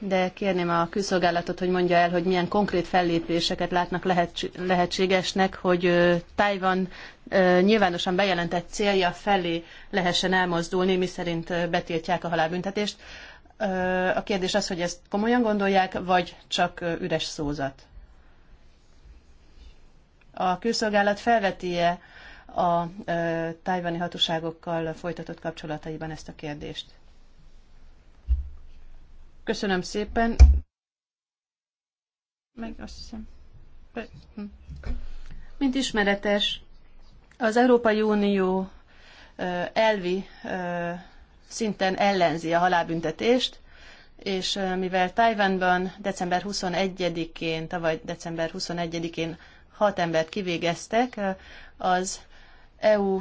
de kérném a külszolgálatot, hogy mondja el, hogy milyen konkrét fellépéseket látnak lehetségesnek, hogy Tajvan nyilvánosan bejelentett célja felé lehessen elmozdulni, miszerint betiltják a halálbüntetést. A kérdés az, hogy ezt komolyan gondolják, vagy csak üres szózat. A külszolgálat felveti-e a tájvani hatóságokkal folytatott kapcsolataiban ezt a kérdést? Köszönöm szépen. Meg azt hiszem. Hm. Mint ismeretes, az Európai Unió elvi szinten ellenzi a halálbüntetést, és mivel Tajvanban december 21-én, tavaly december 21-én hat embert kivégeztek, az EU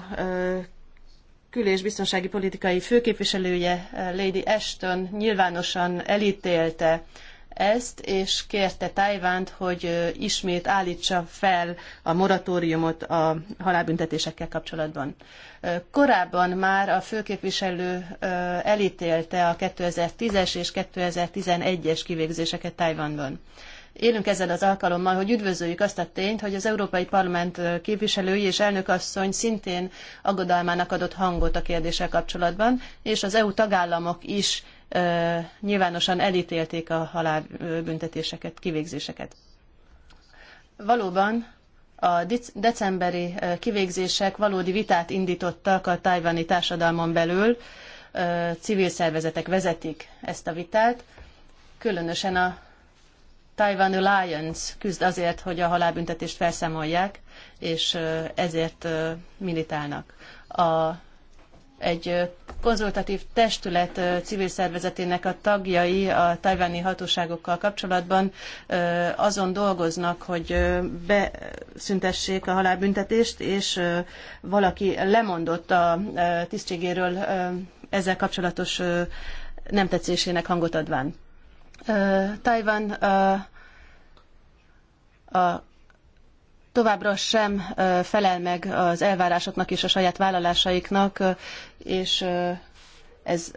kül- és biztonsági politikai főképviselője eh, Lady Ashton nyilvánosan elítélte ezt, és kérte Tájvánt, hogy eh, ismét állítsa fel a moratóriumot a halálbüntetésekkel kapcsolatban. Eh, korábban már a főképviselő elítélte a 2010-es és 2011-es kivégzéseket Tájvánban élünk ezzel az alkalommal, hogy üdvözöljük azt a tényt, hogy az Európai Parlament képviselői és elnökasszony szintén aggodalmának adott hangot a kérdéssel kapcsolatban, és az EU tagállamok is nyilvánosan elítélték a halálbüntetéseket, kivégzéseket. Valóban a decemberi kivégzések valódi vitát indítottak a tajvani társadalmon belül, civil szervezetek vezetik ezt a vitát, különösen a Taiwan Alliance küzd azért, hogy a halálbüntetést felszámolják, és ezért militálnak. A, egy konzultatív testület civil szervezetének a tagjai a tajvani hatóságokkal kapcsolatban azon dolgoznak, hogy beszüntessék a halálbüntetést, és valaki lemondott a tisztségéről ezzel kapcsolatos nem tetszésének hangot adván. Tajvan továbbra sem felel meg az elvárásoknak és a saját vállalásaiknak, és ez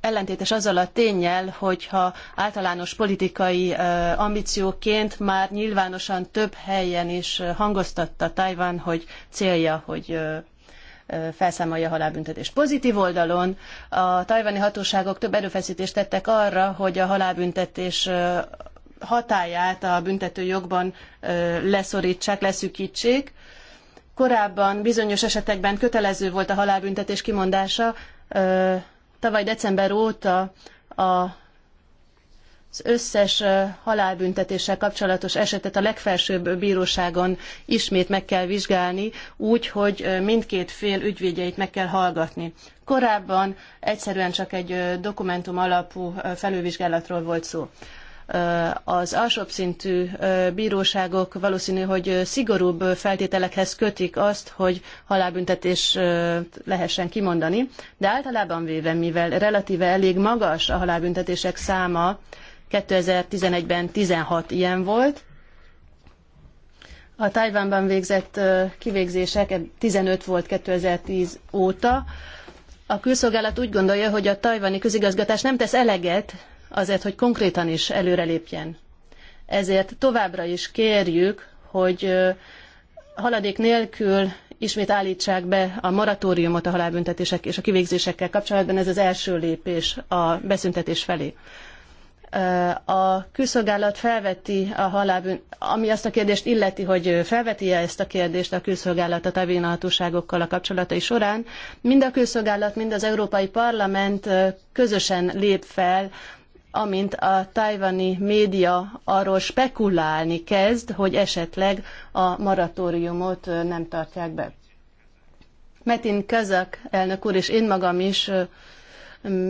ellentétes azzal a tényel, hogyha általános politikai ambícióként már nyilvánosan több helyen is hangoztatta Tajvan, hogy célja, hogy felszámolja a halálbüntetést. Pozitív oldalon a tajvani hatóságok több erőfeszítést tettek arra, hogy a halálbüntetés hatáját a büntető jogban leszorítsák, leszűkítsék. Korábban bizonyos esetekben kötelező volt a halálbüntetés kimondása. Tavaly december óta a az összes halálbüntetéssel kapcsolatos esetet a legfelsőbb bíróságon ismét meg kell vizsgálni, úgy, hogy mindkét fél ügyvédjeit meg kell hallgatni. Korábban egyszerűen csak egy dokumentum alapú felülvizsgálatról volt szó. Az alsóbb szintű bíróságok valószínű, hogy szigorúbb feltételekhez kötik azt, hogy halálbüntetés lehessen kimondani, de általában véve, mivel relatíve elég magas a halálbüntetések száma, 2011-ben 16 ilyen volt. A Tajvánban végzett kivégzések 15 volt 2010 óta. A külszolgálat úgy gondolja, hogy a tajvani közigazgatás nem tesz eleget azért, hogy konkrétan is előrelépjen. Ezért továbbra is kérjük, hogy haladék nélkül ismét állítsák be a moratóriumot a halálbüntetések és a kivégzésekkel kapcsolatban. Ez az első lépés a beszüntetés felé a külszolgálat felveti a halálbűn, ami azt a kérdést illeti, hogy felveti-e ezt a kérdést a külszolgálat a tevénhatóságokkal a kapcsolatai során, mind a külszolgálat, mind az Európai Parlament közösen lép fel, amint a tajvani média arról spekulálni kezd, hogy esetleg a moratóriumot nem tartják be. Metin Kazak elnök úr és én magam is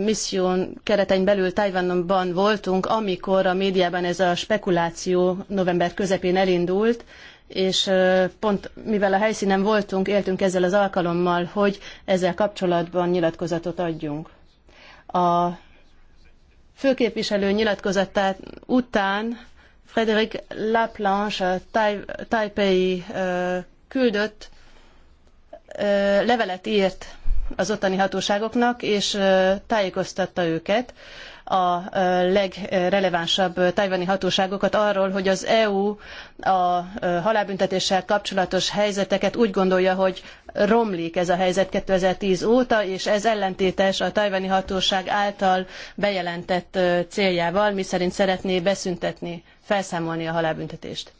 misszión keretein belül Tajvanban voltunk, amikor a médiában ez a spekuláció november közepén elindult, és pont mivel a helyszínen voltunk, éltünk ezzel az alkalommal, hogy ezzel kapcsolatban nyilatkozatot adjunk. A főképviselő nyilatkozatát után Frederic Laplanche, a tai, taipei küldött, levelet írt az ottani hatóságoknak, és tájékoztatta őket a legrelevánsabb tajvani hatóságokat arról, hogy az EU a halálbüntetéssel kapcsolatos helyzeteket úgy gondolja, hogy romlik ez a helyzet 2010 óta, és ez ellentétes a tajvani hatóság által bejelentett céljával, miszerint szeretné beszüntetni, felszámolni a halálbüntetést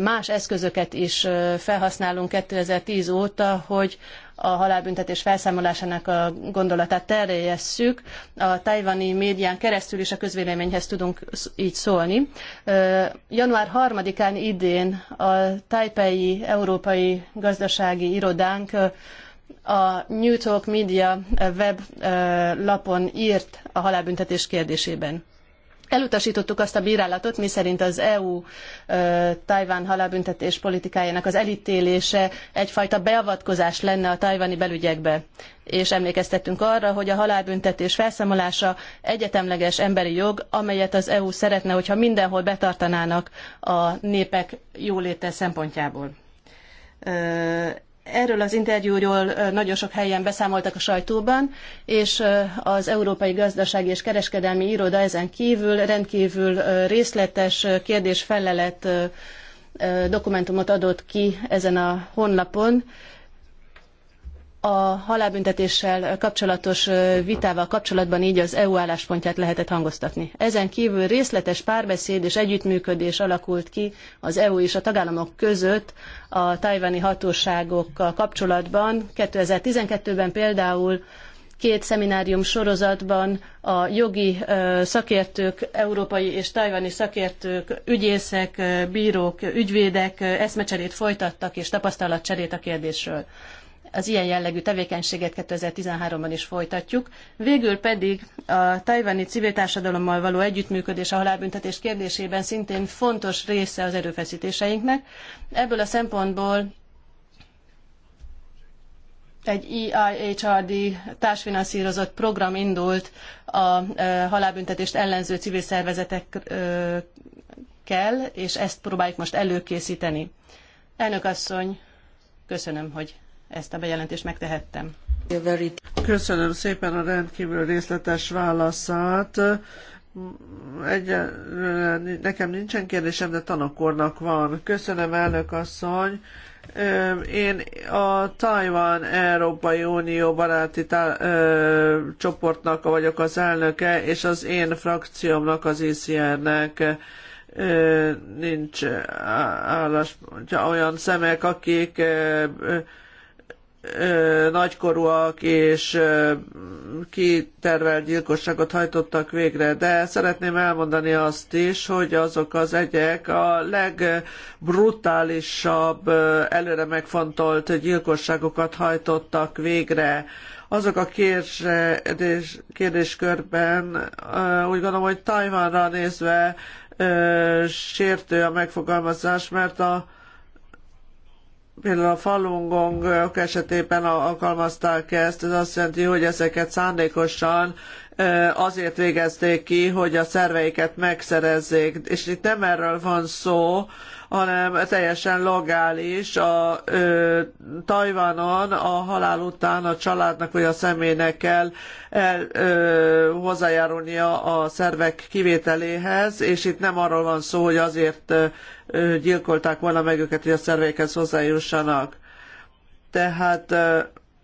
más eszközöket is felhasználunk 2010 óta, hogy a halálbüntetés felszámolásának a gondolatát terjesszük. A tajvani médián keresztül is a közvéleményhez tudunk így szólni. Január 3-án idén a Taipei Európai Gazdasági Irodánk a New Talk Media weblapon írt a halálbüntetés kérdésében. Elutasítottuk azt a bírálatot, miszerint az EU Tajván halálbüntetés politikájának az elítélése egyfajta beavatkozás lenne a tajvani belügyekbe. És emlékeztettünk arra, hogy a halálbüntetés felszámolása egyetemleges emberi jog, amelyet az EU szeretne, hogyha mindenhol betartanának a népek jóléte szempontjából Erről az interjúról nagyon sok helyen beszámoltak a sajtóban, és az Európai Gazdasági és Kereskedelmi Iroda ezen kívül rendkívül részletes kérdés-felelet dokumentumot adott ki ezen a honlapon, a halálbüntetéssel kapcsolatos vitával kapcsolatban így az EU álláspontját lehetett hangoztatni. Ezen kívül részletes párbeszéd és együttműködés alakult ki az EU és a tagállamok között a tajvani hatóságokkal kapcsolatban. 2012-ben például két szeminárium sorozatban a jogi szakértők, európai és tajvani szakértők, ügyészek, bírók, ügyvédek eszmecserét folytattak és tapasztalatcserét a kérdésről az ilyen jellegű tevékenységet 2013-ban is folytatjuk. Végül pedig a tajvani civil társadalommal való együttműködés a halálbüntetés kérdésében szintén fontos része az erőfeszítéseinknek. Ebből a szempontból egy EIHRD társfinanszírozott program indult a halálbüntetést ellenző civil szervezetekkel, és ezt próbáljuk most előkészíteni. Elnök asszony, köszönöm, hogy ezt a bejelentést megtehettem. Köszönöm szépen a rendkívül részletes válaszát. Egy, nekem nincsen kérdésem, de tanakornak van. Köszönöm, elnök asszony. Én a taiwan Európai Unió baráti tá- ö, csoportnak vagyok az elnöke, és az én frakciómnak, az ICR-nek nincs állás, olyan szemek, akik ö, ö, ö, nagykorúak és kitervelt gyilkosságot hajtottak végre, de szeretném elmondani azt is, hogy azok az egyek a legbrutálisabb, előre megfontolt gyilkosságokat hajtottak végre. Azok a kérdés, kérdéskörben ö, úgy gondolom, hogy Tajvanra nézve ö, sértő a megfogalmazás, mert a például a Falun Gong esetében alkalmazták ezt, ez azt jelenti, hogy ezeket szándékosan azért végezték ki, hogy a szerveiket megszerezzék. És itt nem erről van szó, hanem teljesen logális a ö, Tajvanon a halál után a családnak vagy a személynek kell el, ö, hozzájárulnia a szervek kivételéhez, és itt nem arról van szó, hogy azért gyilkolták volna meg őket, hogy a szerveikhez hozzájussanak. Tehát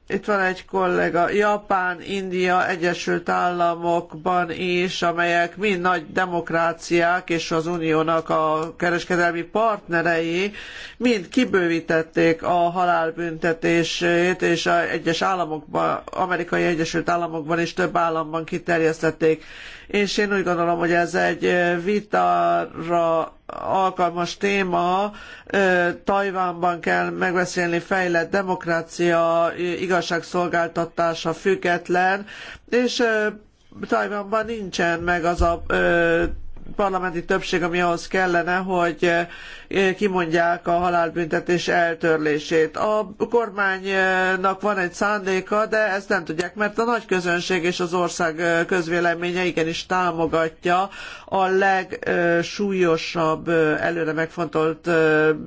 itt van egy kollega, Japán, India, Egyesült Államokban is, amelyek mind nagy demokráciák, és az uniónak a kereskedelmi partnerei mind kibővítették a halálbüntetését, és a egyes államokban, amerikai Egyesült Államokban és több államban kiterjesztették és én úgy gondolom, hogy ez egy vitára alkalmas téma. Tajvánban kell megbeszélni fejlett demokrácia, igazságszolgáltatása független, és Tajvánban nincsen meg az a ö, parlamenti többség, ami ahhoz kellene, hogy eh, kimondják a halálbüntetés eltörlését. A kormánynak van egy szándéka, de ezt nem tudják, mert a nagy közönség és az ország eh, közvéleménye igenis támogatja a legsúlyosabb, eh, előre megfontolt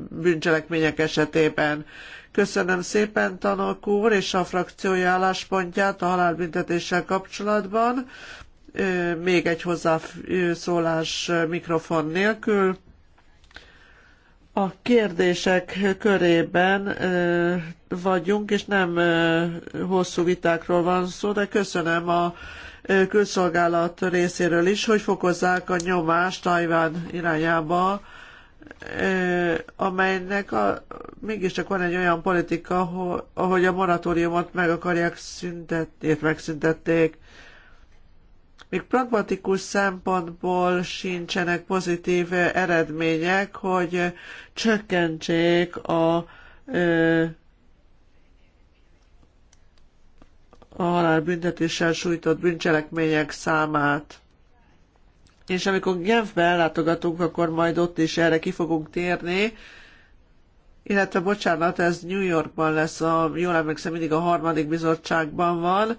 bűncselekmények esetében. Köszönöm szépen Tanok úr és a frakciója álláspontját a halálbüntetéssel kapcsolatban még egy hozzászólás mikrofon nélkül. A kérdések körében vagyunk, és nem hosszú vitákról van szó, de köszönöm a külszolgálat részéről is, hogy fokozzák a nyomást Tajván irányába, amelynek a, mégiscsak van egy olyan politika, ahol, ahogy a moratóriumot meg akarják szüntetni, megszüntették még pragmatikus szempontból sincsenek pozitív eredmények, hogy csökkentsék a a halálbüntetéssel sújtott bűncselekmények számát. És amikor Genfbe ellátogatunk, akkor majd ott is erre ki fogunk térni, illetve bocsánat, ez New Yorkban lesz, a, jól emlékszem, mindig a harmadik bizottságban van,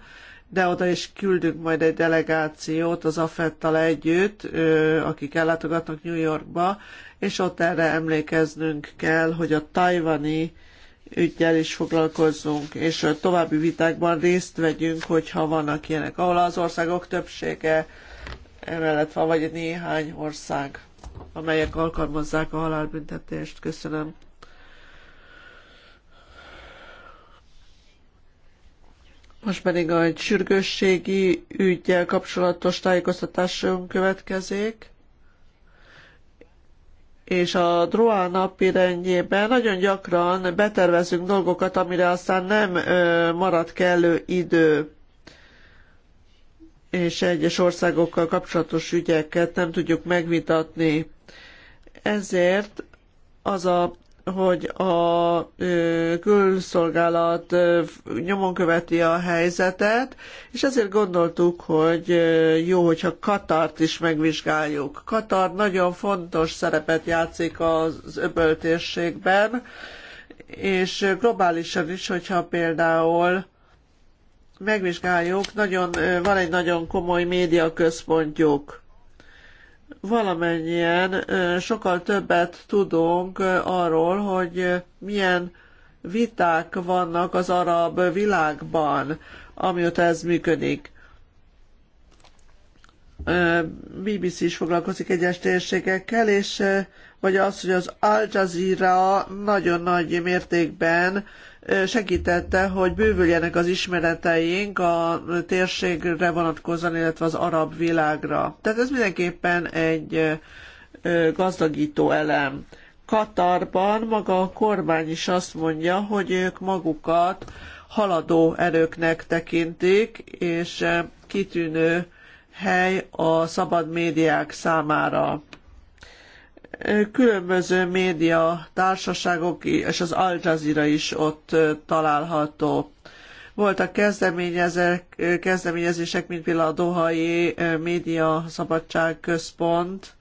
de oda is küldünk majd egy delegációt az Afettal tal együtt, akik ellátogatnak New Yorkba, és ott erre emlékeznünk kell, hogy a tajvani ügyel is foglalkozzunk, és további vitákban részt vegyünk, hogyha vannak ilyenek, ahol az országok többsége emellett van, vagy néhány ország, amelyek alkalmazzák a halálbüntetést. Köszönöm. Most pedig a sürgősségi ügyel kapcsolatos tájékoztatásunk következik. És a droá napi rendjében nagyon gyakran betervezünk dolgokat, amire aztán nem ö, marad kellő idő és egyes országokkal kapcsolatos ügyeket nem tudjuk megvitatni. Ezért az a hogy a külszolgálat nyomon követi a helyzetet, és ezért gondoltuk, hogy jó, hogyha Katart is megvizsgáljuk. Katar nagyon fontos szerepet játszik az öböltérségben, és globálisan is, hogyha például megvizsgáljuk, nagyon, van egy nagyon komoly médiaközpontjuk valamennyien sokkal többet tudunk arról, hogy milyen viták vannak az arab világban, amióta ez működik. BBC is foglalkozik egyes térségekkel, és vagy az, hogy az Al Jazeera nagyon nagy mértékben segítette, hogy bővüljenek az ismereteink a térségre vonatkozóan, illetve az arab világra. Tehát ez mindenképpen egy gazdagító elem. Katarban maga a kormány is azt mondja, hogy ők magukat haladó erőknek tekintik, és kitűnő hely a szabad médiák számára. Különböző média társaságok és az Al Jazeera is ott található. Voltak kezdeményezések, mint például a Dohai Média Szabadság Központ,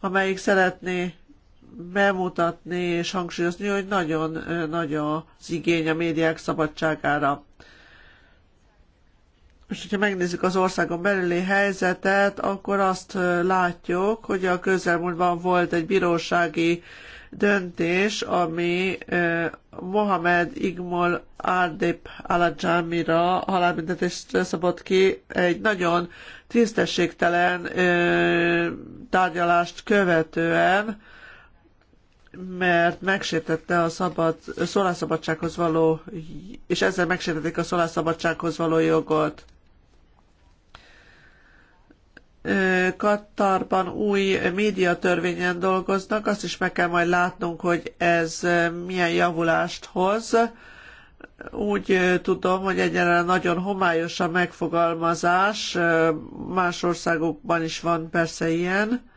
amelyik szeretné bemutatni és hangsúlyozni, hogy nagyon nagy az igény a médiák szabadságára. Most, hogyha megnézzük az országon belüli helyzetet, akkor azt látjuk, hogy a közelmúltban volt egy bírósági döntés, ami eh, Mohamed Igmol Ardep Alajamira halálbüntetést szabott ki egy nagyon tisztességtelen eh, tárgyalást követően, mert megsértette a szabad, szólásszabadsághoz való, és ezzel megsértették a szólásszabadsághoz való jogot. Katarban új médiatörvényen dolgoznak, azt is meg kell majd látnunk, hogy ez milyen javulást hoz. Úgy tudom, hogy egyenlően nagyon homályos a megfogalmazás, más országokban is van persze ilyen,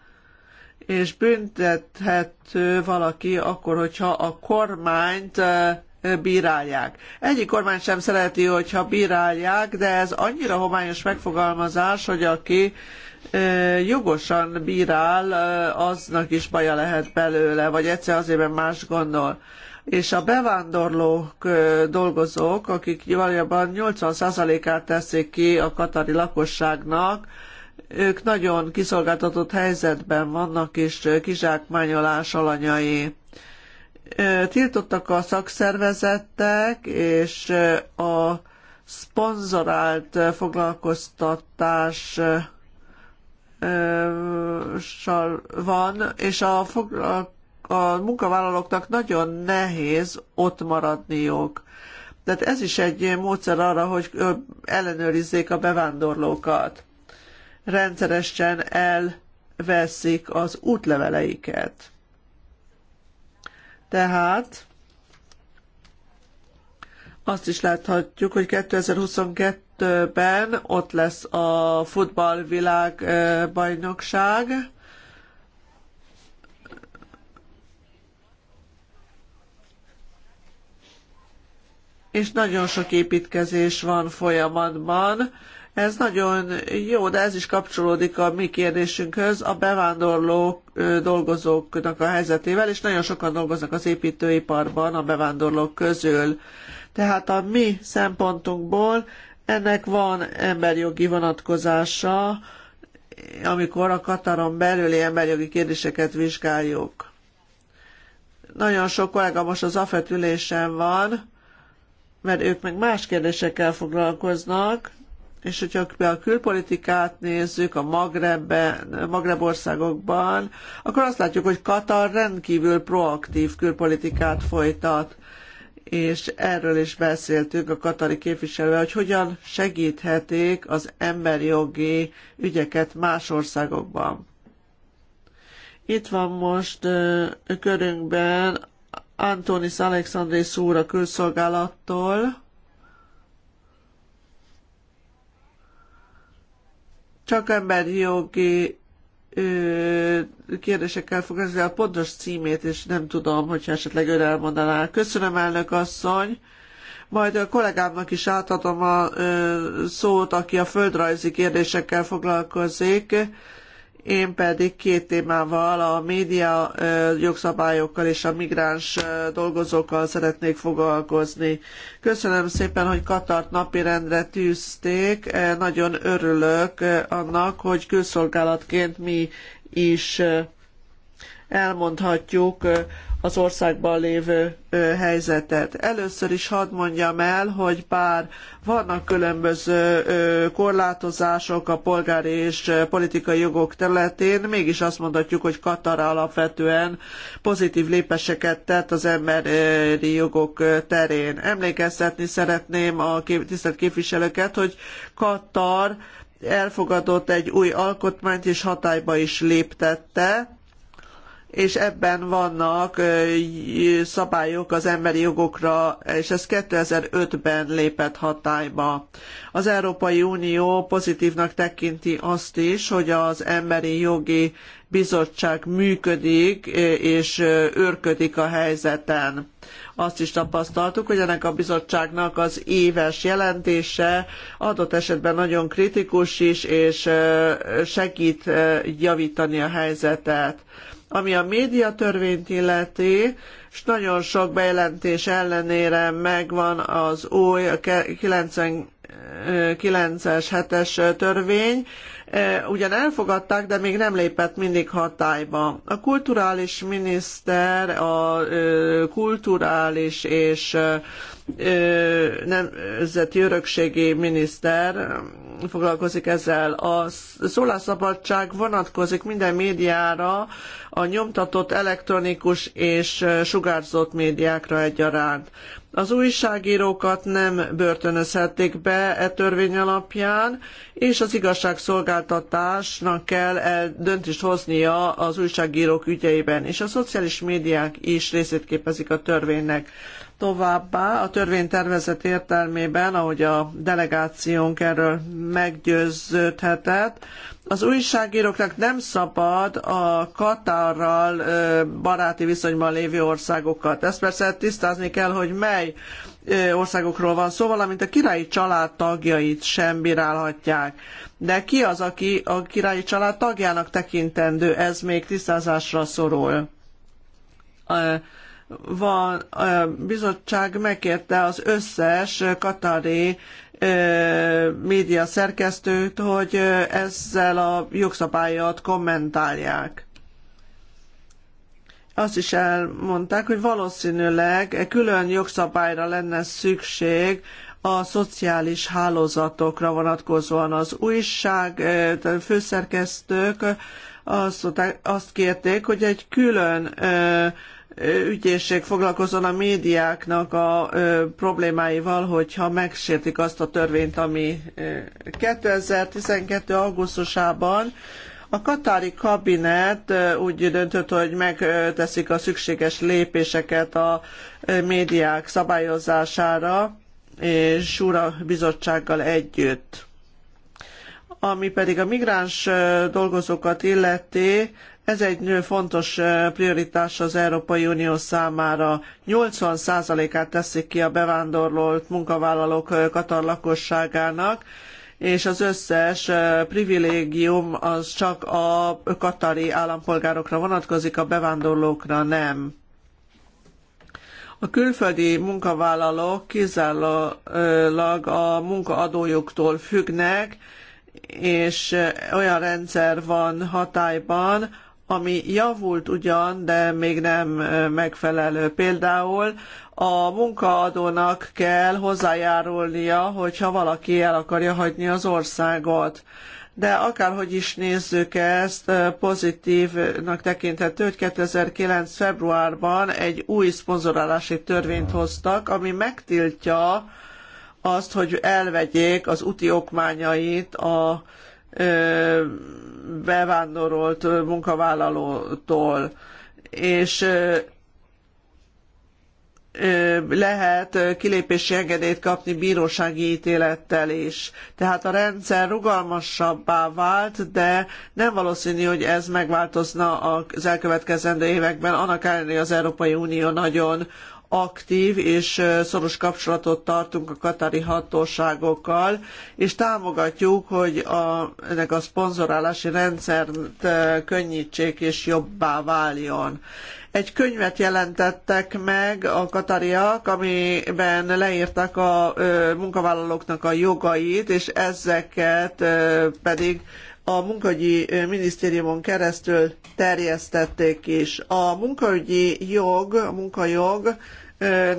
és büntethető valaki akkor, hogyha a kormányt bírálják. Egyik kormány sem szereti, hogyha bírálják, de ez annyira homályos megfogalmazás, hogy aki jogosan bírál, aznak is baja lehet belőle, vagy egyszer azért, mert más gondol. És a bevándorlók dolgozók, akik valójában 80%-át teszik ki a katari lakosságnak, ők nagyon kiszolgáltatott helyzetben vannak, és kizsákmányolás alanyai. Tiltottak a szakszervezetek, és a szponzorált foglalkoztatás van, és a, a, a munkavállalóknak nagyon nehéz ott maradniuk. Tehát ez is egy módszer arra, hogy ellenőrizzék a bevándorlókat. Rendszeresen elveszik az útleveleiket. Tehát azt is láthatjuk, hogy 2022-ben ott lesz a futballvilágbajnokság. És nagyon sok építkezés van folyamatban. Ez nagyon jó, de ez is kapcsolódik a mi kérdésünkhöz, a bevándorló dolgozóknak a helyzetével, és nagyon sokan dolgoznak az építőiparban a bevándorlók közül. Tehát a mi szempontunkból ennek van emberjogi vonatkozása, amikor a Kataron belüli emberjogi kérdéseket vizsgáljuk. Nagyon sok kollega most az AFET ülésen van, mert ők meg más kérdésekkel foglalkoznak, és hogyha a külpolitikát nézzük a Magrebben, Magreb országokban, akkor azt látjuk, hogy Katar rendkívül proaktív külpolitikát folytat és erről is beszéltünk a katari képviselővel, hogy hogyan segíthetik az emberi jogi ügyeket más országokban. Itt van most körünkben Antonis Alexandris úr a külszolgálattól. Csak emberi jogi kérdésekkel foglalkozni, a pontos címét, és nem tudom, hogyha esetleg ön elmondaná. Köszönöm, elnök asszony! Majd a kollégámnak is átadom a szót, aki a földrajzi kérdésekkel foglalkozik én pedig két témával, a média jogszabályokkal és a migráns dolgozókkal szeretnék foglalkozni. Köszönöm szépen, hogy Katart napirendre tűzték. Nagyon örülök annak, hogy külszolgálatként mi is elmondhatjuk az országban lévő helyzetet. Először is hadd mondjam el, hogy bár vannak különböző korlátozások a polgári és politikai jogok területén, mégis azt mondhatjuk, hogy Katar alapvetően pozitív lépéseket tett az emberi jogok terén. Emlékeztetni szeretném a tisztelt képviselőket, hogy Katar elfogadott egy új alkotmányt és hatályba is léptette, és ebben vannak szabályok az emberi jogokra, és ez 2005-ben lépett hatályba. Az Európai Unió pozitívnak tekinti azt is, hogy az emberi jogi bizottság működik és őrködik a helyzeten. Azt is tapasztaltuk, hogy ennek a bizottságnak az éves jelentése adott esetben nagyon kritikus is, és segít javítani a helyzetet. Ami a médiatörvényt illeti, és nagyon sok bejelentés ellenére megvan az új 90 9-es, 7-es törvény, E, ugyan elfogadták, de még nem lépett mindig hatályba. A kulturális miniszter a e, kulturális és e, nemzeti örökségi miniszter foglalkozik ezzel. A szólásszabadság vonatkozik minden médiára, a nyomtatott elektronikus és sugárzott médiákra egyaránt. Az újságírókat nem börtönözhették be e törvény alapján, és az igazságszolgáltatásnak kell el döntést hoznia az újságírók ügyeiben, és a szociális médiák is részét képezik a törvénynek. Továbbá a törvénytervezet értelmében, ahogy a delegációnk erről meggyőződhetett, az újságíróknak nem szabad a Katarral baráti viszonyban lévő országokat. Ezt persze tisztázni kell, hogy mely országokról van szó, valamint a királyi család tagjait sem bírálhatják. De ki az, aki a királyi család tagjának tekintendő? Ez még tisztázásra szorul van, a bizottság megkérte az összes katari média szerkesztőt, hogy ezzel a jogszabályat kommentálják. Azt is elmondták, hogy valószínűleg külön jogszabályra lenne szükség a szociális hálózatokra vonatkozóan. Az újság főszerkesztők azt, azt kérték, hogy egy külön ügyészség foglalkozzon a médiáknak a problémáival, hogyha megsértik azt a törvényt, ami 2012. augusztusában a katári kabinet úgy döntött, hogy megteszik a szükséges lépéseket a médiák szabályozására, és Súra bizottsággal együtt. Ami pedig a migráns dolgozókat illeti, ez egy fontos prioritás az Európai Unió számára. 80%-át teszik ki a bevándorlót munkavállalók Katar lakosságának, és az összes privilégium az csak a katari állampolgárokra vonatkozik, a bevándorlókra nem. A külföldi munkavállalók kizárólag a munkaadójuktól függnek, és olyan rendszer van hatályban, ami javult ugyan, de még nem megfelelő. Például a munkaadónak kell hozzájárulnia, hogyha valaki el akarja hagyni az országot de akárhogy is nézzük ezt, pozitívnak tekinthető, hogy 2009. februárban egy új szponzorálási törvényt hoztak, ami megtiltja azt, hogy elvegyék az úti okmányait a bevándorolt munkavállalótól, és lehet kilépési engedélyt kapni bírósági ítélettel is. Tehát a rendszer rugalmasabbá vált, de nem valószínű, hogy ez megváltozna az elkövetkezendő években, annak ellenére az Európai Unió nagyon aktív és szoros kapcsolatot tartunk a katari hatóságokkal, és támogatjuk, hogy a, ennek a szponzorálási rendszert könnyítsék és jobbá váljon. Egy könyvet jelentettek meg a katariak, amiben leírták a munkavállalóknak a jogait, és ezeket pedig a munkahogyi minisztériumon keresztül terjesztették is. A munkahogyi jog, a munkajog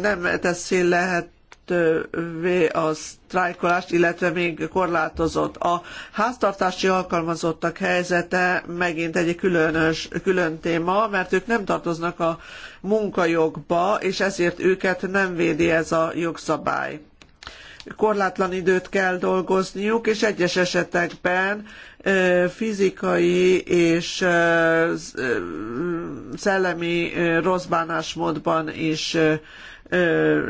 nem teszi lehet lehetővé a sztrájkolást, illetve még korlátozott. A háztartási alkalmazottak helyzete megint egy különös, külön téma, mert ők nem tartoznak a munkajogba, és ezért őket nem védi ez a jogszabály korlátlan időt kell dolgozniuk, és egyes esetekben fizikai és szellemi rossz bánásmódban is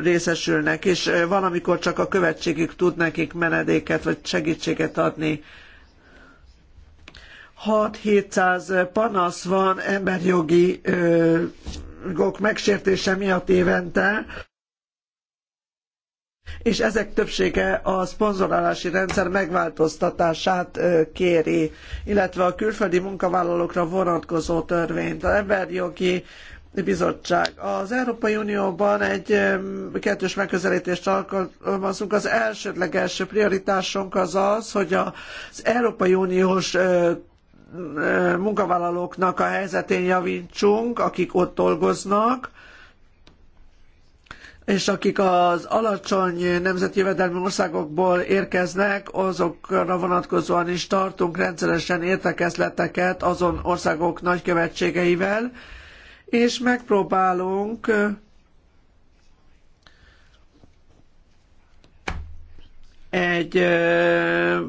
részesülnek, és van, amikor csak a követségük tud nekik menedéket vagy segítséget adni. 6-700 panasz van emberjogi gok megsértése miatt évente, és ezek többsége a szponzorálási rendszer megváltoztatását kéri, illetve a külföldi munkavállalókra vonatkozó törvényt. A emberjogi bizottság. Az Európai Unióban egy kettős megközelítést alkalmazunk. Az elsődleges prioritásunk az az, hogy az Európai Uniós munkavállalóknak a helyzetén javítsunk, akik ott dolgoznak, és akik az alacsony nemzeti jövedelmi országokból érkeznek, azokra vonatkozóan is tartunk rendszeresen értekezleteket azon országok nagykövetségeivel, és megpróbálunk eh, egy eh,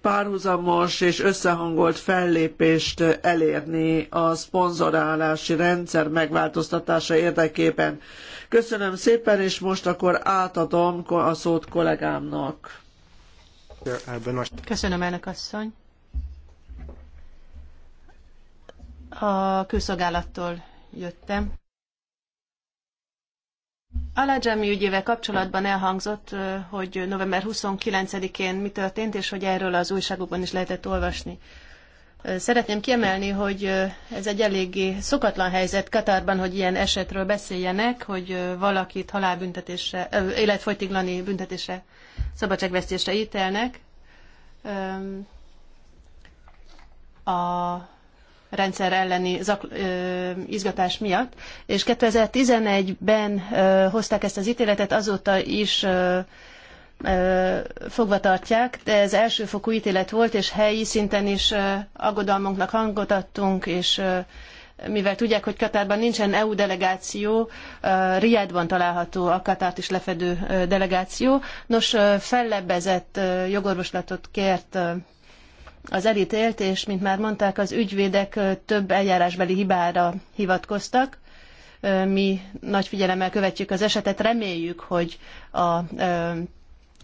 párhuzamos és összehangolt fellépést elérni a szponzorálási rendszer megváltoztatása érdekében. Köszönöm szépen, és most akkor átadom a szót kollégámnak. Köszönöm, elnök asszony. A külszolgálattól jöttem. Alajami ügyével kapcsolatban elhangzott, hogy november 29-én mi történt, és hogy erről az újságokban is lehetett olvasni. Szeretném kiemelni, hogy ez egy eléggé szokatlan helyzet Katarban, hogy ilyen esetről beszéljenek, hogy valakit halálbüntetésre, életfolytiglani büntetésre, szabadságvesztésre ítélnek. A rendszer elleni ö, izgatás miatt, és 2011-ben ö, hozták ezt az ítéletet, azóta is ö, ö, fogva tartják, de ez elsőfokú ítélet volt, és helyi szinten is ö, aggodalmunknak hangot adtunk, és ö, mivel tudják, hogy Katárban nincsen EU delegáció, riadban található a Katárt is lefedő delegáció. Nos, fellebbezett jogorvoslatot kért az elítélt, és mint már mondták, az ügyvédek több eljárásbeli hibára hivatkoztak. Mi nagy figyelemmel követjük az esetet, reméljük, hogy a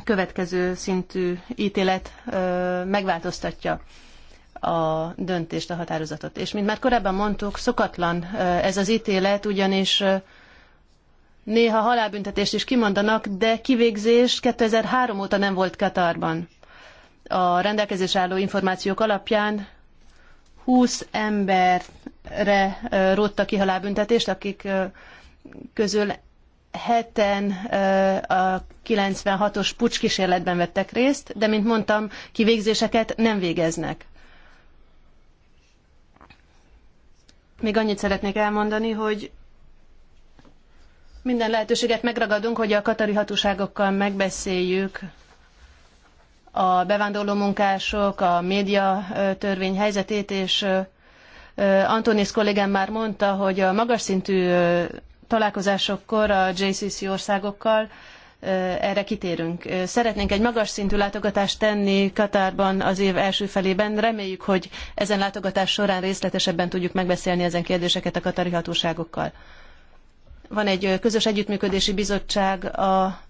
következő szintű ítélet megváltoztatja a döntést, a határozatot. És mint már korábban mondtuk, szokatlan ez az ítélet, ugyanis néha halálbüntetést is kimondanak, de kivégzés 2003 óta nem volt Katarban a rendelkezés álló információk alapján 20 emberre rótta ki halálbüntetést, akik közül heten a 96-os pucskísérletben vettek részt, de mint mondtam, kivégzéseket nem végeznek. Még annyit szeretnék elmondani, hogy minden lehetőséget megragadunk, hogy a katari hatóságokkal megbeszéljük a bevándorló munkások, a média törvény helyzetét, és Antonis kollégám már mondta, hogy a magas szintű találkozásokkor a JCC országokkal erre kitérünk. Szeretnénk egy magas szintű látogatást tenni Katárban az év első felében. Reméljük, hogy ezen látogatás során részletesebben tudjuk megbeszélni ezen kérdéseket a katari hatóságokkal. Van egy közös együttműködési bizottság a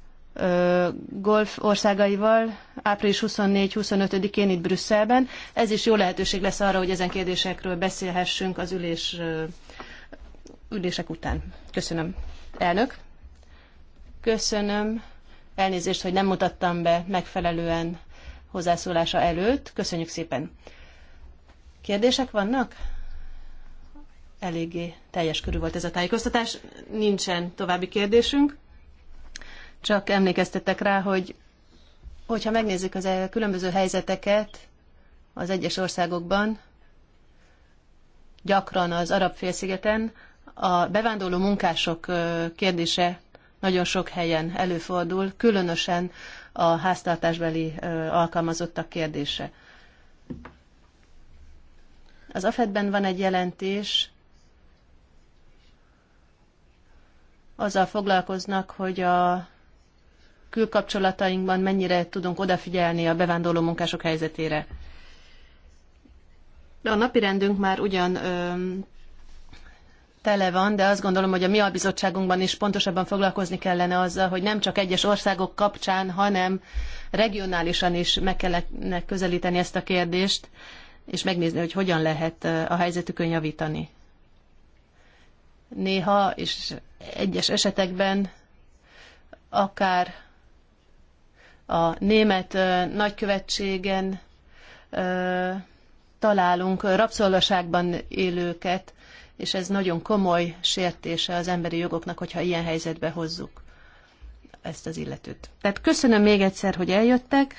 golf országaival április 24-25-én itt Brüsszelben. Ez is jó lehetőség lesz arra, hogy ezen kérdésekről beszélhessünk az ülés, ülések után. Köszönöm. Elnök. Köszönöm. Elnézést, hogy nem mutattam be megfelelően hozzászólása előtt. Köszönjük szépen. Kérdések vannak? Eléggé teljes körül volt ez a tájékoztatás. Nincsen további kérdésünk csak emlékeztetek rá, hogy hogyha megnézzük az különböző helyzeteket az egyes országokban, gyakran az Arab-félszigeten, a bevándorló munkások kérdése nagyon sok helyen előfordul, különösen a háztartásbeli alkalmazottak kérdése. Az AFED-ben van egy jelentés, azzal foglalkoznak, hogy a külkapcsolatainkban mennyire tudunk odafigyelni a bevándorló munkások helyzetére. A napi rendünk már ugyan ö, tele van, de azt gondolom, hogy a mi albizottságunkban is pontosabban foglalkozni kellene azzal, hogy nem csak egyes országok kapcsán, hanem regionálisan is meg kellene közelíteni ezt a kérdést, és megnézni, hogy hogyan lehet a helyzetükön javítani. Néha és egyes esetekben akár a német nagykövetségen találunk rabszolgaságban élőket, és ez nagyon komoly sértése az emberi jogoknak, hogyha ilyen helyzetbe hozzuk ezt az illetőt. Tehát köszönöm még egyszer, hogy eljöttek.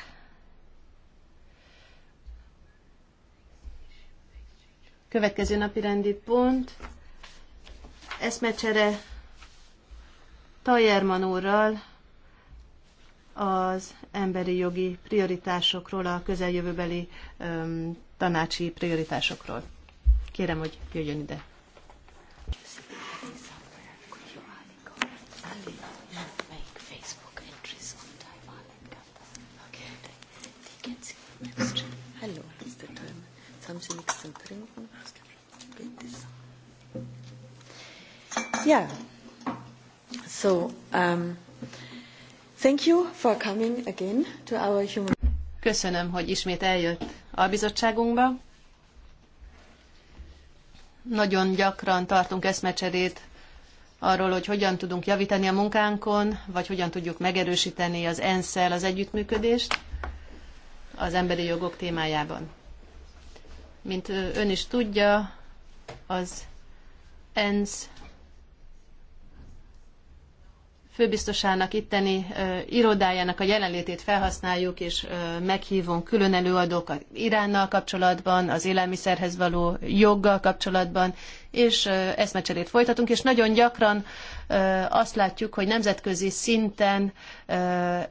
Következő napi rendi pont. Eszmecsere Tajerman úrral, az emberi jogi prioritásokról, a közeljövőbeli um, tanácsi prioritásokról. Kérem, hogy jöjjön ide. Yeah. so, um Thank you for coming again to our human... Köszönöm, hogy ismét eljött a bizottságunkba. Nagyon gyakran tartunk eszmecserét arról, hogy hogyan tudunk javítani a munkánkon, vagy hogyan tudjuk megerősíteni az ensz az együttműködést az emberi jogok témájában. Mint ön is tudja, az ENSZ főbiztosának itteni irodájának a jelenlétét felhasználjuk, és meghívunk külön előadókat Iránnal kapcsolatban, az élelmiszerhez való joggal kapcsolatban, és eszmecserét folytatunk, és nagyon gyakran azt látjuk, hogy nemzetközi szinten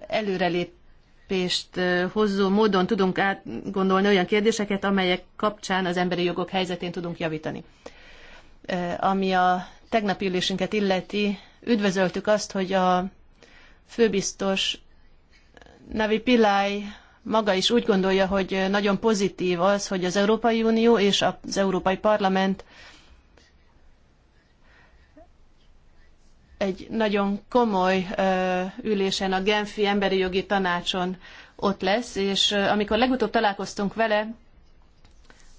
előrelépést hozó módon tudunk átgondolni olyan kérdéseket, amelyek kapcsán az emberi jogok helyzetén tudunk javítani. Ami a tegnapi ülésünket illeti, üdvözöltük azt, hogy a főbiztos Navi Pillai maga is úgy gondolja, hogy nagyon pozitív az, hogy az Európai Unió és az Európai Parlament egy nagyon komoly ülésen, a Genfi Emberi Jogi Tanácson ott lesz, és amikor legutóbb találkoztunk vele,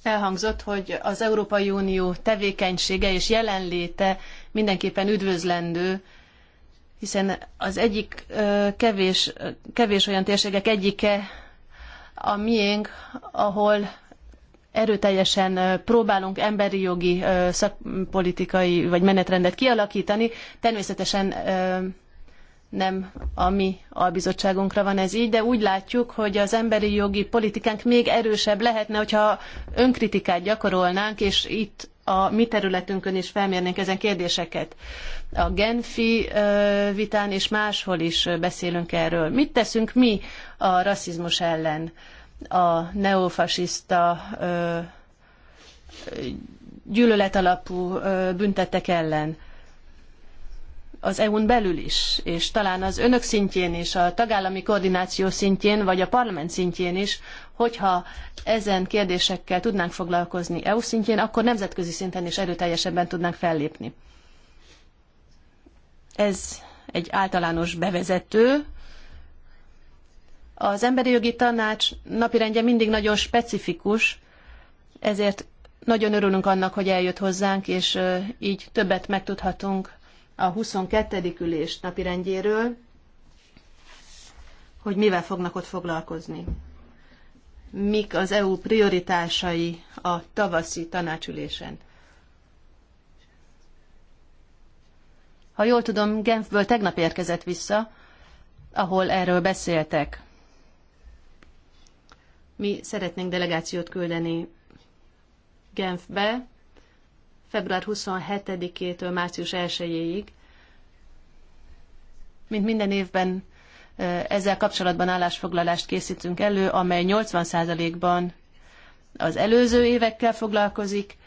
elhangzott, hogy az Európai Unió tevékenysége és jelenléte mindenképpen üdvözlendő, hiszen az egyik kevés, kevés olyan térségek egyike a miénk, ahol erőteljesen próbálunk emberi jogi szakpolitikai vagy menetrendet kialakítani. Természetesen nem a mi albizottságunkra van ez így, de úgy látjuk, hogy az emberi jogi politikánk még erősebb lehetne, hogyha önkritikát gyakorolnánk, és itt a mi területünkön is felmérnénk ezen kérdéseket. A Genfi vitán és máshol is beszélünk erről. Mit teszünk mi a rasszizmus ellen? A neofasiszta gyűlöletalapú büntetek ellen az EU-n belül is, és talán az önök szintjén is, a tagállami koordináció szintjén, vagy a parlament szintjén is, hogyha ezen kérdésekkel tudnánk foglalkozni EU szintjén, akkor nemzetközi szinten is erőteljesebben tudnánk fellépni. Ez egy általános bevezető. Az emberi jogi tanács napirendje mindig nagyon specifikus, ezért nagyon örülünk annak, hogy eljött hozzánk, és így többet megtudhatunk a 22. ülés napirendjéről, hogy mivel fognak ott foglalkozni. Mik az EU prioritásai a tavaszi tanácsülésen? Ha jól tudom, Genfből tegnap érkezett vissza, ahol erről beszéltek. Mi szeretnénk delegációt küldeni Genfbe, február 27-től március 1-ig. Mint minden évben ezzel kapcsolatban állásfoglalást készítünk elő, amely 80%-ban az előző évekkel foglalkozik,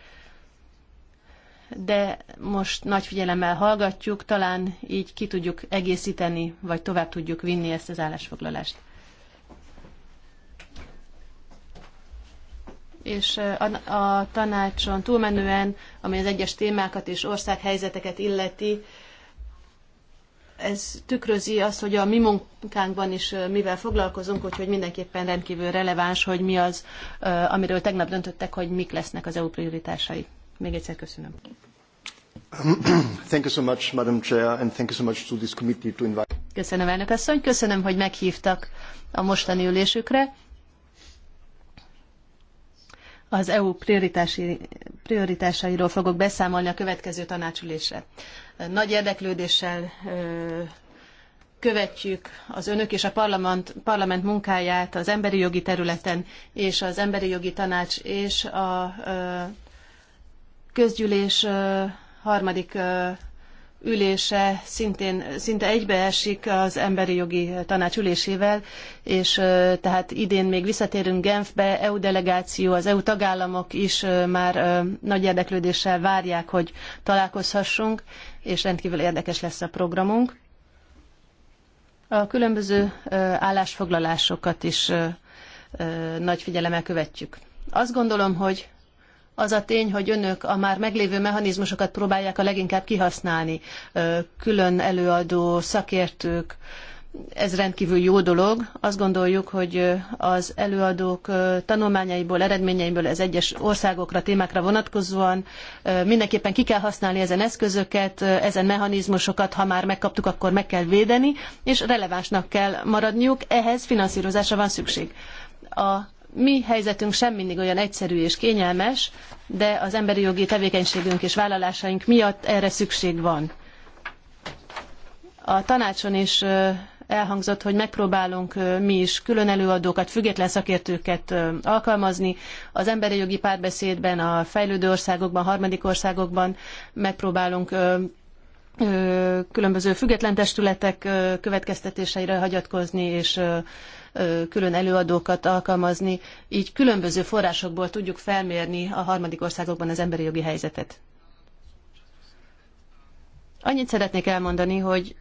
de most nagy figyelemmel hallgatjuk, talán így ki tudjuk egészíteni, vagy tovább tudjuk vinni ezt az állásfoglalást. és a, a tanácson túlmenően, ami az egyes témákat és országhelyzeteket illeti, ez tükrözi azt, hogy a mi munkánkban is mivel foglalkozunk, úgyhogy mindenképpen rendkívül releváns, hogy mi az, amiről tegnap döntöttek, hogy mik lesznek az EU prioritásai. Még egyszer köszönöm. Thank you so much, Madam Chair, and thank you so much to this committee to invite. Köszönöm, elnök asszony, köszönöm, hogy meghívtak a mostani ülésükre az EU prioritási, prioritásairól fogok beszámolni a következő tanácsülésre. Nagy érdeklődéssel követjük az önök és a parlament, parlament munkáját az emberi jogi területen, és az emberi jogi tanács és a közgyűlés harmadik ülése szintén, szinte egybeesik az emberi jogi tanács ülésével, és tehát idén még visszatérünk Genfbe, EU delegáció, az EU tagállamok is már nagy érdeklődéssel várják, hogy találkozhassunk, és rendkívül érdekes lesz a programunk. A különböző állásfoglalásokat is nagy figyelemmel követjük. Azt gondolom, hogy az a tény, hogy önök a már meglévő mechanizmusokat próbálják a leginkább kihasználni. Külön előadó szakértők, ez rendkívül jó dolog. Azt gondoljuk, hogy az előadók tanulmányaiból, eredményeiből ez egyes országokra, témákra vonatkozóan mindenképpen ki kell használni ezen eszközöket, ezen mechanizmusokat, ha már megkaptuk, akkor meg kell védeni, és relevánsnak kell maradniuk, ehhez finanszírozásra van szükség. A mi helyzetünk sem mindig olyan egyszerű és kényelmes, de az emberi jogi tevékenységünk és vállalásaink miatt erre szükség van. A tanácson is elhangzott, hogy megpróbálunk mi is külön előadókat, független szakértőket alkalmazni. Az emberi jogi párbeszédben, a fejlődő országokban, harmadik országokban megpróbálunk különböző független testületek következtetéseire hagyatkozni, és külön előadókat alkalmazni, így különböző forrásokból tudjuk felmérni a harmadik országokban az emberi jogi helyzetet. Annyit szeretnék elmondani, hogy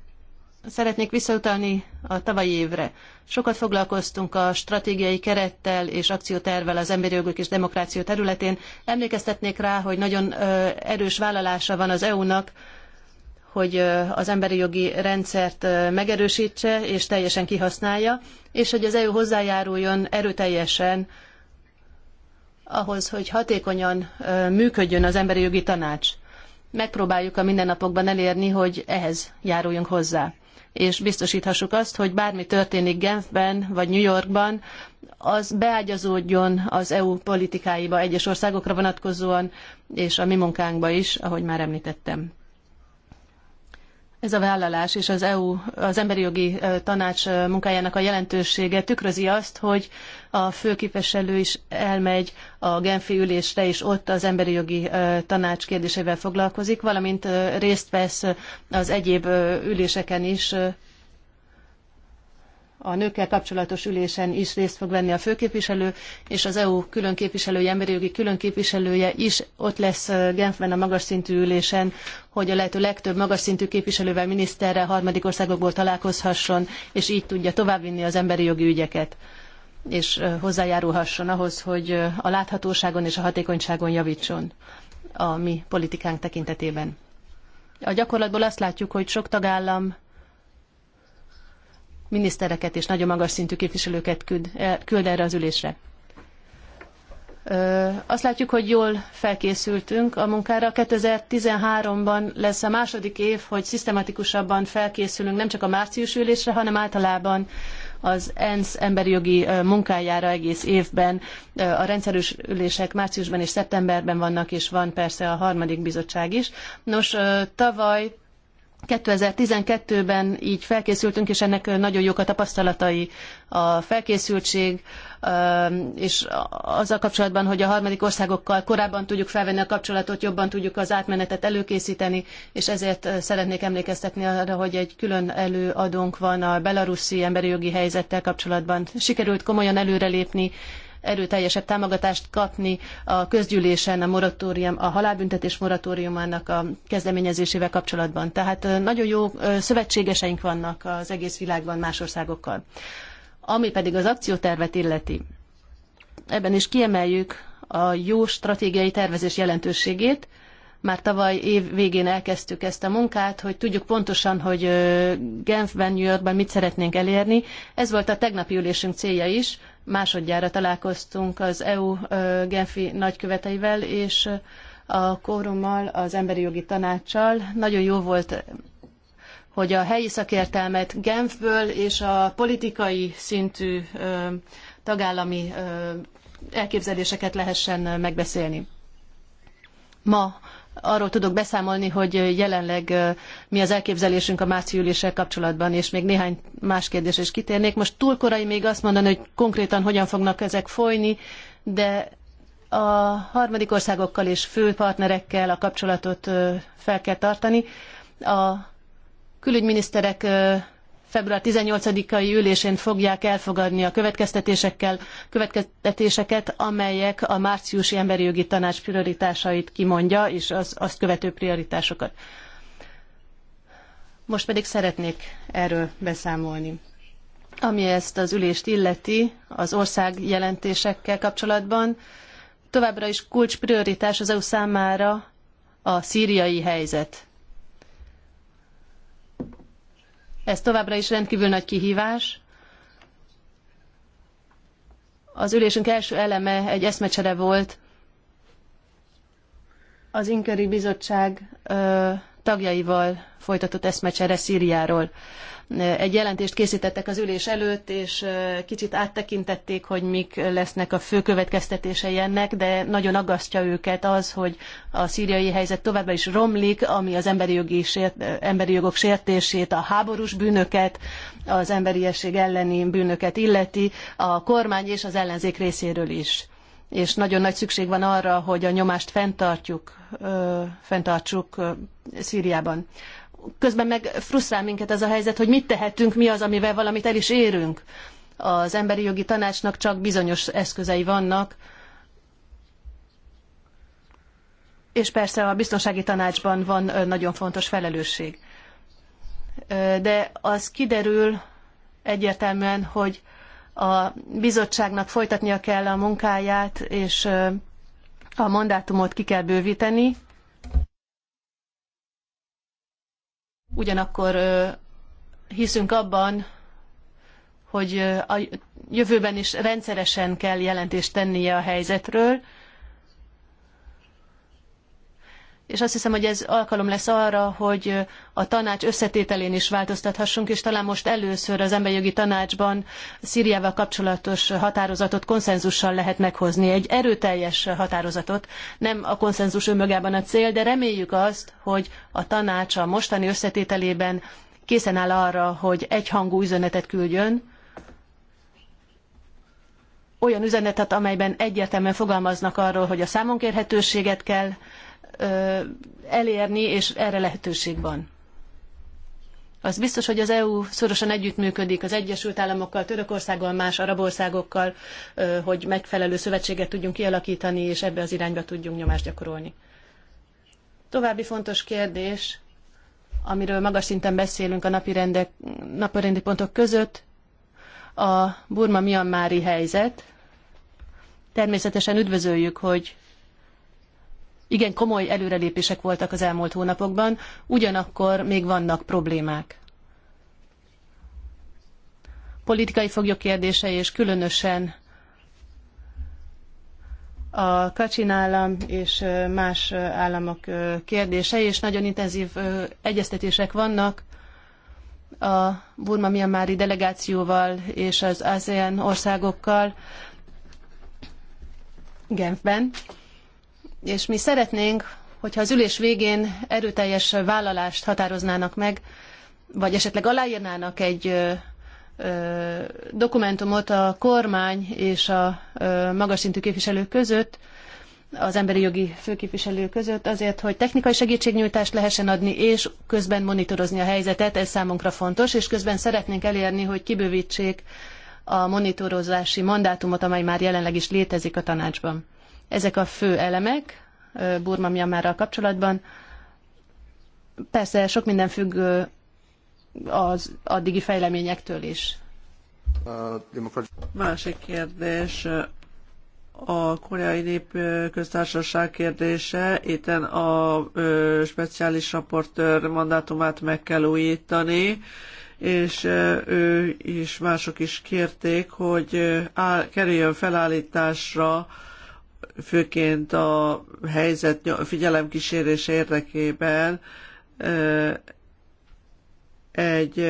szeretnék visszautalni a tavalyi évre. Sokat foglalkoztunk a stratégiai kerettel és akciótervel az emberi jogok és demokráció területén. Emlékeztetnék rá, hogy nagyon erős vállalása van az EU-nak, hogy az emberi jogi rendszert megerősítse és teljesen kihasználja, és hogy az EU hozzájáruljon erőteljesen ahhoz, hogy hatékonyan működjön az emberi jogi tanács. Megpróbáljuk a mindennapokban elérni, hogy ehhez járuljunk hozzá és biztosíthassuk azt, hogy bármi történik Genfben vagy New Yorkban, az beágyazódjon az EU politikáiba egyes országokra vonatkozóan, és a mi munkánkba is, ahogy már említettem. Ez a vállalás és az EU, az Emberi Jogi Tanács munkájának a jelentősége tükrözi azt, hogy a főképviselő is elmegy a Genfi ülésre, és ott az Emberi Jogi Tanács kérdésével foglalkozik, valamint részt vesz az egyéb üléseken is a nőkkel kapcsolatos ülésen is részt fog venni a főképviselő, és az EU külön képviselője, emberi jogi külön képviselője is ott lesz Genfben a magas szintű ülésen, hogy a lehető legtöbb magas szintű képviselővel, miniszterrel harmadik országokból találkozhasson, és így tudja továbbvinni az emberi jogi ügyeket és hozzájárulhasson ahhoz, hogy a láthatóságon és a hatékonyságon javítson a mi politikánk tekintetében. A gyakorlatból azt látjuk, hogy sok tagállam minisztereket és nagyon magas szintű képviselőket küld, e, küld erre az ülésre. Azt látjuk, hogy jól felkészültünk a munkára. 2013-ban lesz a második év, hogy szisztematikusabban felkészülünk nem csak a március ülésre, hanem általában az ENSZ emberi jogi munkájára egész évben. A rendszerűs ülések márciusban és szeptemberben vannak, és van persze a harmadik bizottság is. Nos, tavaly 2012-ben így felkészültünk, és ennek nagyon jók a tapasztalatai a felkészültség, és azzal kapcsolatban, hogy a harmadik országokkal korábban tudjuk felvenni a kapcsolatot, jobban tudjuk az átmenetet előkészíteni, és ezért szeretnék emlékeztetni arra, hogy egy külön előadónk van a belaruszi emberi jogi helyzettel kapcsolatban. Sikerült komolyan előrelépni, erőteljesebb támogatást kapni a közgyűlésen a moratórium, a halálbüntetés moratóriumának a kezdeményezésével kapcsolatban. Tehát nagyon jó szövetségeseink vannak az egész világban más országokkal. Ami pedig az akciótervet illeti, ebben is kiemeljük a jó stratégiai tervezés jelentőségét, már tavaly év végén elkezdtük ezt a munkát, hogy tudjuk pontosan, hogy Genfben, New Yorkban mit szeretnénk elérni. Ez volt a tegnapi ülésünk célja is, másodjára találkoztunk az EU Genfi nagyköveteivel, és a kórummal, az emberi jogi tanácssal. Nagyon jó volt hogy a helyi szakértelmet Genfből és a politikai szintű tagállami elképzeléseket lehessen megbeszélni. Ma arról tudok beszámolni, hogy jelenleg mi az elképzelésünk a márciüléssel kapcsolatban, és még néhány más kérdésre is kitérnék. Most túl korai még azt mondani, hogy konkrétan hogyan fognak ezek folyni, de a harmadik országokkal és fő partnerekkel a kapcsolatot fel kell tartani. A külügyminiszterek február 18-ai ülésén fogják elfogadni a következtetésekkel, következtetéseket, amelyek a márciusi emberi jogi tanács prioritásait kimondja, és az, azt követő prioritásokat. Most pedig szeretnék erről beszámolni. Ami ezt az ülést illeti, az ország jelentésekkel kapcsolatban, továbbra is kulcs prioritás az EU számára a szíriai helyzet. Ez továbbra is rendkívül nagy kihívás. Az ülésünk első eleme egy eszmecsere volt az Inkeri Bizottság ö, tagjaival folytatott eszmecsere Szíriáról egy jelentést készítettek az ülés előtt, és kicsit áttekintették, hogy mik lesznek a fő következtetései ennek, de nagyon aggasztja őket az, hogy a szíriai helyzet továbbra is romlik, ami az emberi, jogi sért, emberi jogok sértését, a háborús bűnöket, az emberiesség elleni bűnöket illeti, a kormány és az ellenzék részéről is és nagyon nagy szükség van arra, hogy a nyomást fenntartjuk, fenntartsuk Szíriában közben meg frusztrál minket az a helyzet, hogy mit tehetünk, mi az, amivel valamit el is érünk. Az emberi jogi tanácsnak csak bizonyos eszközei vannak, és persze a biztonsági tanácsban van nagyon fontos felelősség. De az kiderül egyértelműen, hogy a bizottságnak folytatnia kell a munkáját, és a mandátumot ki kell bővíteni, Ugyanakkor hiszünk abban, hogy a jövőben is rendszeresen kell jelentést tennie a helyzetről, és azt hiszem, hogy ez alkalom lesz arra, hogy a tanács összetételén is változtathassunk, és talán most először az emberi jogi tanácsban Szíriával kapcsolatos határozatot konszenzussal lehet meghozni, egy erőteljes határozatot. Nem a konszenzus önmagában a cél, de reméljük azt, hogy a tanács a mostani összetételében készen áll arra, hogy egyhangú üzenetet küldjön, olyan üzenetet, amelyben egyértelműen fogalmaznak arról, hogy a számonkérhetőséget kell elérni, és erre lehetőség van. Az biztos, hogy az EU szorosan együttműködik az Egyesült Államokkal, Törökországgal, más arab országokkal, hogy megfelelő szövetséget tudjunk kialakítani, és ebbe az irányba tudjunk nyomást gyakorolni. További fontos kérdés, amiről magas szinten beszélünk a napi, rendek, napi rendi pontok között, a burma mianmári helyzet. Természetesen üdvözöljük, hogy igen komoly előrelépések voltak az elmúlt hónapokban, ugyanakkor még vannak problémák. Politikai foglyok kérdése és különösen a Kacsin állam és más államok kérdése, és nagyon intenzív egyeztetések vannak a burma miamári delegációval és az ASEAN országokkal Genfben és mi szeretnénk, hogyha az ülés végén erőteljes vállalást határoznának meg, vagy esetleg aláírnának egy dokumentumot a kormány és a magas szintű képviselők között, az emberi jogi főképviselő között azért, hogy technikai segítségnyújtást lehessen adni, és közben monitorozni a helyzetet, ez számunkra fontos, és közben szeretnénk elérni, hogy kibővítsék a monitorozási mandátumot, amely már jelenleg is létezik a tanácsban. Ezek a fő elemek Burma a kapcsolatban. Persze sok minden függ az addigi fejleményektől is. Másik kérdés, a koreai köztársaság kérdése, itten a speciális raportőr mandátumát meg kell újítani, és ő is mások is kérték, hogy áll, kerüljön felállításra főként a helyzet figyelemkísérése érdekében egy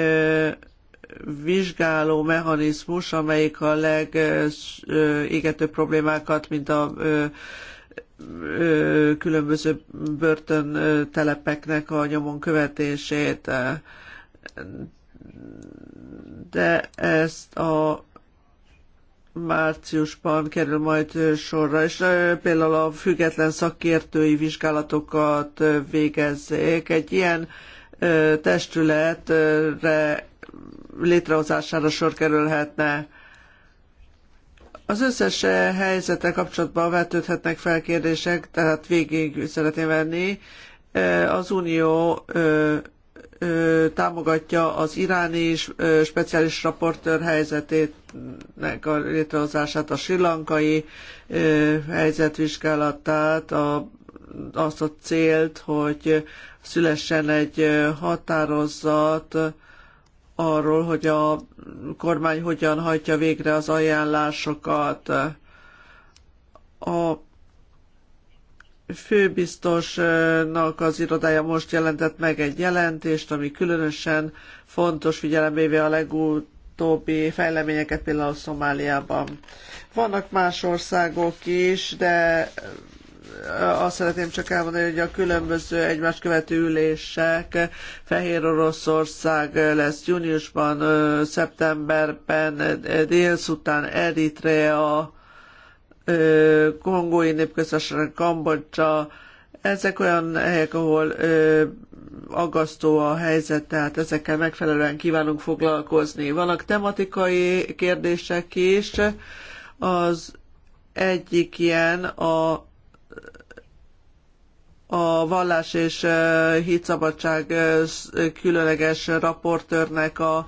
vizsgáló mechanizmus, amelyik a legégető problémákat, mint a különböző börtöntelepeknek a nyomon követését. De ezt a márciusban kerül majd sorra, és például a független szakértői vizsgálatokat végezzék. Egy ilyen testületre létrehozására sor kerülhetne. Az összes helyzetek kapcsolatban vetődhetnek fel kérdések, tehát végig szeretném venni. Az Unió támogatja az iráni speciális raportőr helyzetének a létrehozását, a sri-lankai helyzetvizsgálatát, a, azt a célt, hogy szülessen egy határozat arról, hogy a kormány hogyan hajtja végre az ajánlásokat. A főbiztosnak az irodája most jelentett meg egy jelentést, ami különösen fontos figyelembe a legutóbbi fejleményeket, például Szomáliában. Vannak más országok is, de azt szeretném csak elmondani, hogy a különböző egymást követő ülések Fehér Oroszország lesz júniusban, szeptemberben, délszután Eritrea, Kongói Népköztársaság, Kambodzsa, ezek olyan helyek, ahol ö, aggasztó a helyzet, tehát ezekkel megfelelően kívánunk foglalkozni. Vannak tematikai kérdések is. Az egyik ilyen a, a vallás és hitszabadság különleges raportőrnek a ö,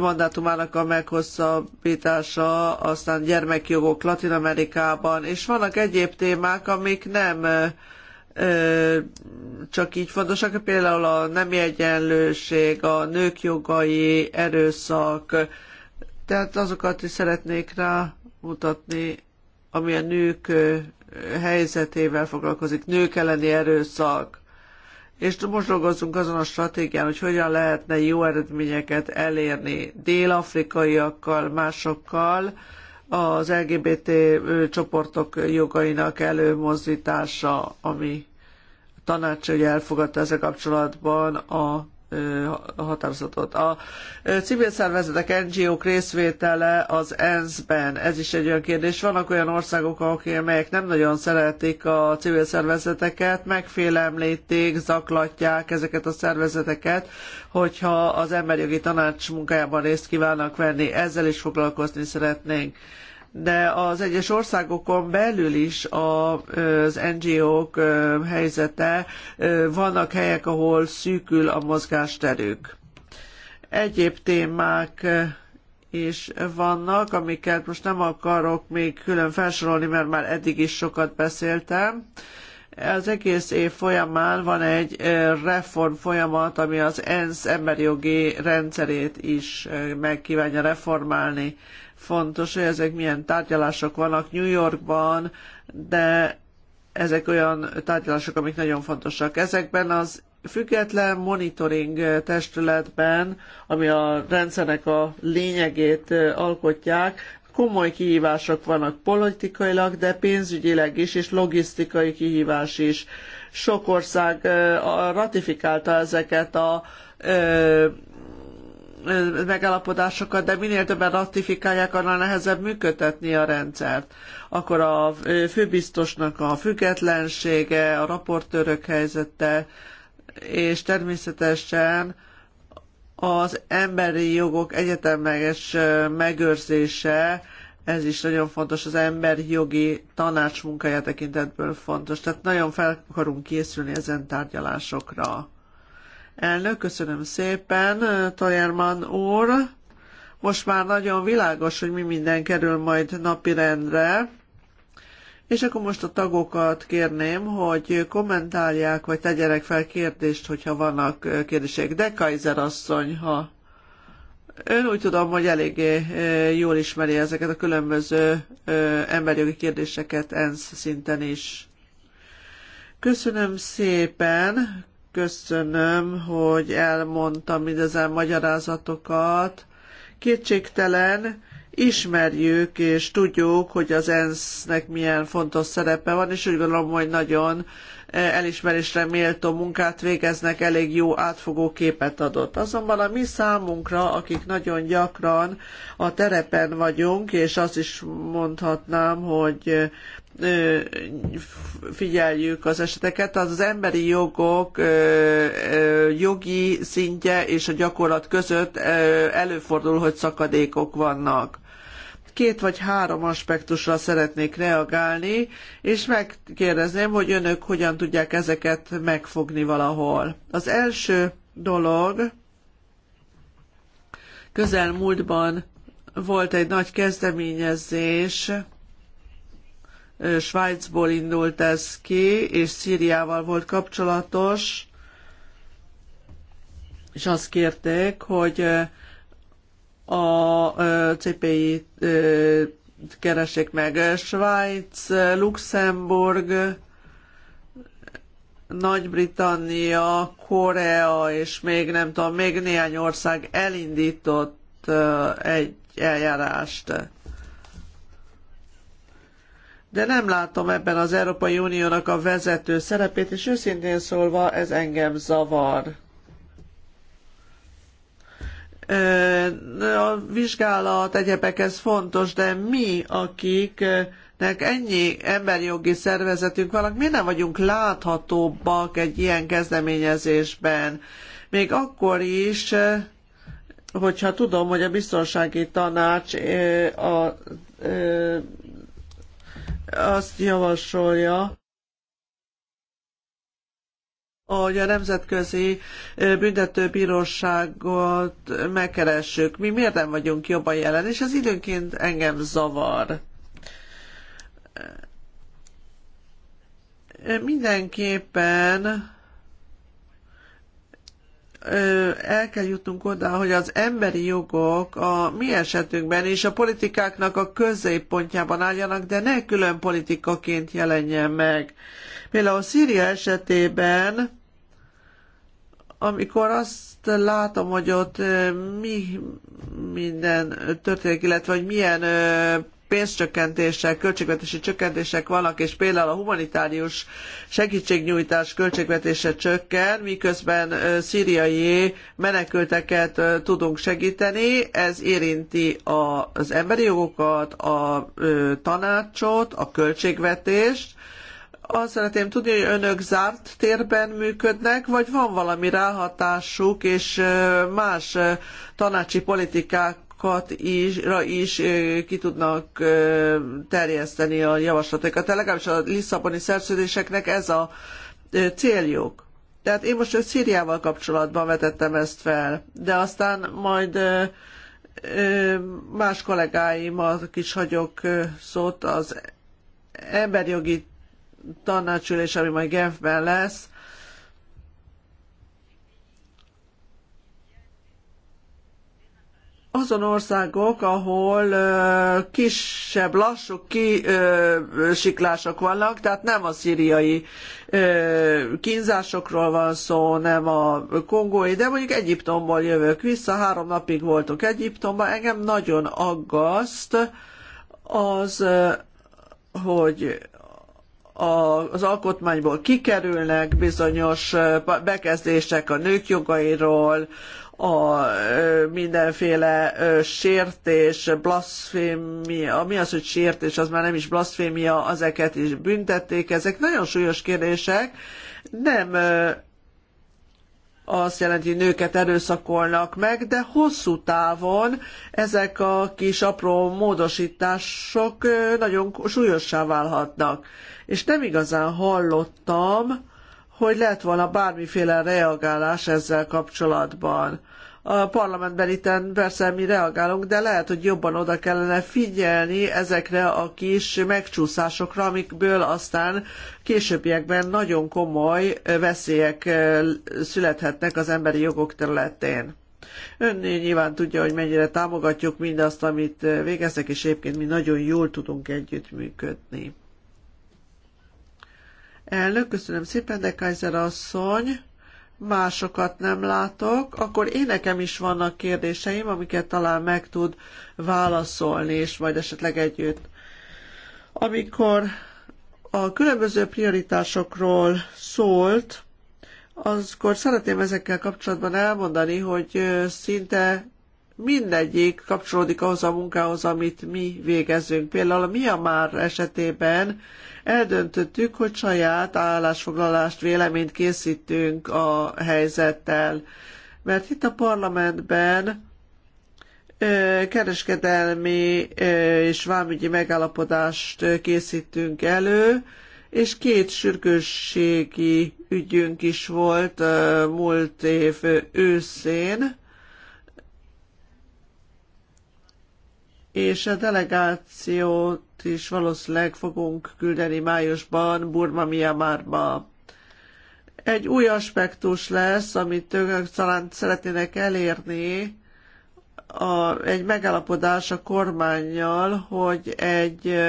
mandátumának a meghosszabbítása, aztán gyermekjogok Latin Amerikában, és vannak egyéb témák, amik nem csak így fontosak, például a nemi egyenlőség, a nők jogai, erőszak, tehát azokat is szeretnék rámutatni, ami a nők helyzetével foglalkozik, nők elleni erőszak és most dolgozunk azon a stratégián, hogy hogyan lehetne jó eredményeket elérni dél-afrikaiakkal, másokkal, az LGBT csoportok jogainak előmozdítása, ami tanács hogy elfogadta ezzel kapcsolatban a határozatot. A civil szervezetek, NGO-k részvétele az ENSZ-ben, ez is egy olyan kérdés. Vannak olyan országok, amelyek nem nagyon szeretik a civil szervezeteket, megfélemlítik, zaklatják ezeket a szervezeteket, hogyha az emberi jogi tanács munkájában részt kívánnak venni. Ezzel is foglalkozni szeretnénk de az egyes országokon belül is az NGO-k helyzete, vannak helyek, ahol szűkül a mozgásterük. Egyéb témák is vannak, amiket most nem akarok még külön felsorolni, mert már eddig is sokat beszéltem. Az egész év folyamán van egy reform folyamat, ami az ENSZ emberi jogi rendszerét is meg kívánja reformálni fontos, hogy ezek milyen tárgyalások vannak New Yorkban, de ezek olyan tárgyalások, amik nagyon fontosak. Ezekben az független monitoring testületben, ami a rendszernek a lényegét alkotják, komoly kihívások vannak politikailag, de pénzügyileg is, és logisztikai kihívás is. Sok ország ratifikálta ezeket a megállapodásokat, de minél többen ratifikálják, annál nehezebb működtetni a rendszert. Akkor a főbiztosnak a függetlensége, a raportőrök helyzete, és természetesen az emberi jogok egyetemleges megőrzése, ez is nagyon fontos, az emberi jogi tanács munkája tekintetből fontos. Tehát nagyon fel akarunk készülni ezen tárgyalásokra. Elnök, köszönöm szépen, Tajerman úr. Most már nagyon világos, hogy mi minden kerül majd napirendre. És akkor most a tagokat kérném, hogy kommentálják, vagy tegyenek fel kérdést, hogyha vannak kérdések. De Kaiser asszony, ha Ön úgy tudom, hogy eléggé jól ismeri ezeket a különböző emberjogi kérdéseket ENSZ szinten is. Köszönöm szépen, köszönöm, hogy elmondtam mindezen magyarázatokat. Kétségtelen, ismerjük és tudjuk, hogy az ENSZ-nek milyen fontos szerepe van, és úgy gondolom, hogy nagyon elismerésre méltó munkát végeznek, elég jó átfogó képet adott. Azonban a mi számunkra, akik nagyon gyakran a terepen vagyunk, és azt is mondhatnám, hogy figyeljük az eseteket, az az emberi jogok jogi szintje és a gyakorlat között előfordul, hogy szakadékok vannak két vagy három aspektusra szeretnék reagálni, és megkérdezném, hogy önök hogyan tudják ezeket megfogni valahol. Az első dolog, közelmúltban volt egy nagy kezdeményezés, Svájcból indult ez ki, és Szíriával volt kapcsolatos, és azt kérték, hogy a CPI keresik meg. Svájc, Luxemburg, nagy-Britannia, Korea, és még nem tudom, még néhány ország elindított egy eljárást. De nem látom ebben az Európai Uniónak a vezető szerepét, és őszintén szólva ez engem zavar. A vizsgálat, egyebek, ez fontos, de mi, akik nek ennyi emberjogi szervezetünk van, mi nem vagyunk láthatóbbak egy ilyen kezdeményezésben. Még akkor is, hogyha tudom, hogy a biztonsági tanács a, a, azt javasolja, hogy a Nemzetközi Büntetőbíróságot megkeressük. Mi miért nem vagyunk jobban jelen, és ez időnként engem zavar. Mindenképpen el kell jutnunk oda, hogy az emberi jogok a mi esetünkben is a politikáknak a középpontjában álljanak, de ne külön politikaként jelenjen meg. Például Szíria esetében, amikor azt látom, hogy ott mi minden történik, illetve hogy milyen pénzcsökkentések, költségvetési csökkentések vannak, és például a humanitárius segítségnyújtás költségvetése csökken, miközben szíriai menekülteket tudunk segíteni. Ez érinti az emberi jogokat, a tanácsot, a költségvetést, azt szeretném tudni, hogy önök zárt térben működnek, vagy van valami ráhatásuk, és más tanácsi politikákat is, is ki tudnak terjeszteni a javaslatokat. Legalábbis a Lisszaboni szerződéseknek ez a céljuk. Tehát én most Szíriával kapcsolatban vetettem ezt fel, de aztán majd más kollégáimat is hagyok szót az emberjogi tanácsülés, ami majd Genfben lesz, azon országok, ahol kisebb, lassú kisiklások vannak, tehát nem a szíriai kínzásokról van szó, nem a kongói, de mondjuk Egyiptomból jövök vissza, három napig voltunk Egyiptomban, engem nagyon aggaszt az, hogy az alkotmányból kikerülnek bizonyos bekezdések a nők jogairól, a mindenféle sértés, blasfémia, mi az, hogy sértés, az már nem is blasfémia, ezeket is büntették, ezek nagyon súlyos kérdések, nem azt jelenti, hogy nőket erőszakolnak meg, de hosszú távon ezek a kis apró módosítások nagyon súlyossá válhatnak. És nem igazán hallottam, hogy lett volna bármiféle reagálás ezzel kapcsolatban. A parlamentben itten persze mi reagálunk, de lehet, hogy jobban oda kellene figyelni ezekre a kis megcsúszásokra, amikből aztán későbbiekben nagyon komoly veszélyek születhetnek az emberi jogok területén. Ön nyilván tudja, hogy mennyire támogatjuk mindazt, amit végeztek, és egyébként mi nagyon jól tudunk együttműködni. Elnök, köszönöm szépen, de Kaiser asszony másokat nem látok, akkor én nekem is vannak kérdéseim, amiket talán meg tud válaszolni, és majd esetleg együtt. Amikor a különböző prioritásokról szólt, azkor szeretném ezekkel kapcsolatban elmondani, hogy szinte mindegyik kapcsolódik ahhoz a munkához, amit mi végezünk. Például a Myanmar esetében eldöntöttük, hogy saját állásfoglalást, véleményt készítünk a helyzettel. Mert itt a parlamentben kereskedelmi és vámügyi megállapodást készítünk elő, és két sürgősségi ügyünk is volt múlt év őszén, és a delegációt is valószínűleg fogunk küldeni májusban Burma Myanmarba. Egy új aspektus lesz, amit ők talán szeretnének elérni, a, egy megállapodás a kormányjal, hogy egy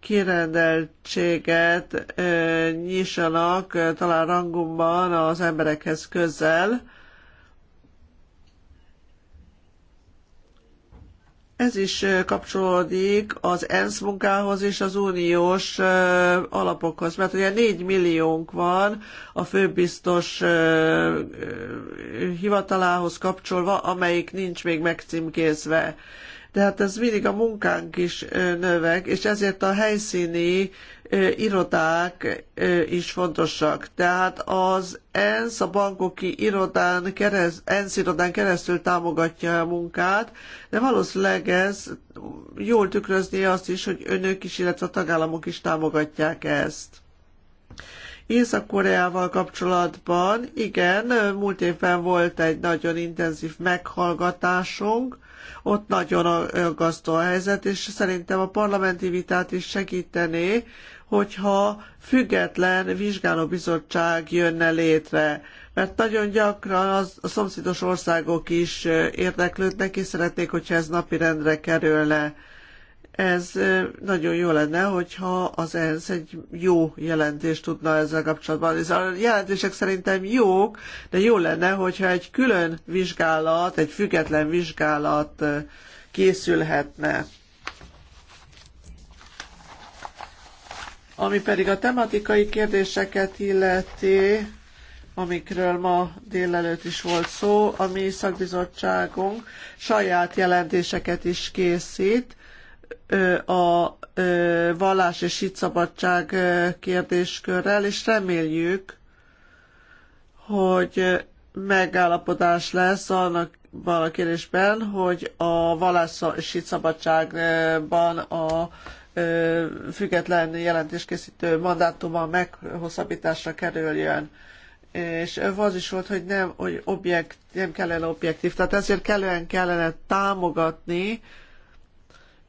kirendeltséget e, nyissanak talán rangomban az emberekhez közel, Ez is kapcsolódik az ENSZ munkához és az uniós alapokhoz, mert ugye 4 milliónk van a főbiztos hivatalához kapcsolva, amelyik nincs még megcímkézve de hát ez mindig a munkánk is növek, és ezért a helyszíni irodák is fontosak. Tehát az ENSZ a bankoki irodán kereszt, ENSZ irodán keresztül támogatja a munkát, de valószínűleg ez jól tükrözni azt is, hogy önök is, illetve a tagállamok is támogatják ezt. Észak-Koreával kapcsolatban, igen, múlt évben volt egy nagyon intenzív meghallgatásunk, ott nagyon aggasztó a helyzet, és szerintem a parlamenti vitát is segítené, hogyha független vizsgálóbizottság jönne létre. Mert nagyon gyakran az, a szomszédos országok is érdeklődnek, és szeretnék, hogyha ez napirendre kerülne ez nagyon jó lenne, hogyha az ENSZ egy jó jelentést tudna ezzel kapcsolatban. Ez a jelentések szerintem jók, de jó lenne, hogyha egy külön vizsgálat, egy független vizsgálat készülhetne. Ami pedig a tematikai kérdéseket illeti, amikről ma délelőtt is volt szó, a mi szakbizottságunk saját jelentéseket is készít, a vallás és hitszabadság kérdéskörrel, és reméljük, hogy megállapodás lesz annak a kérdésben, hogy a és szabadságban a független jelentéskészítő mandátuma meghosszabbításra kerüljön. És az is volt, hogy nem, hogy objekt, nem kellene objektív. Tehát ezért kellően kellene támogatni,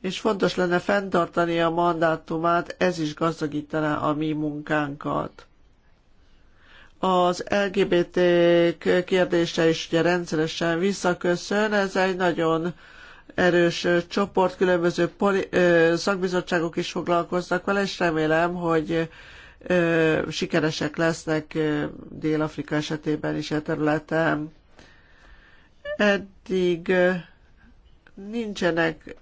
és fontos lenne fenntartani a mandátumát, ez is gazdagítaná a mi munkánkat. Az LGBT kérdése is ugye rendszeresen visszaköszön, ez egy nagyon erős csoport, különböző poli, ö, szakbizottságok is foglalkoznak vele, és remélem, hogy ö, sikeresek lesznek Dél-Afrika esetében is a e területen. Eddig ö, nincsenek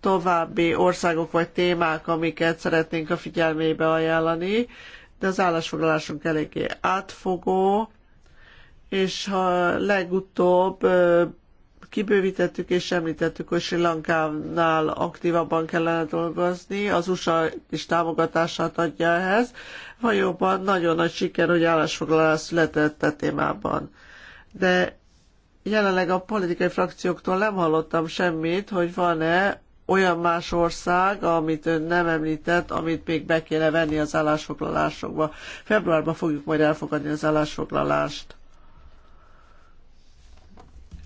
további országok vagy témák, amiket szeretnénk a figyelmébe ajánlani, de az állásfoglalásunk eléggé átfogó, és ha legutóbb kibővítettük és említettük, hogy Sri Lankánál aktívabban kellene dolgozni, az USA is támogatását adja ehhez. Valóban nagyon nagy siker, hogy állásfoglalás született a e témában. De jelenleg a politikai frakcióktól nem hallottam semmit, hogy van-e olyan más ország, amit ön nem említett, amit még be kéne venni az állásfoglalásokba. Februárban fogjuk majd elfogadni az állásfoglalást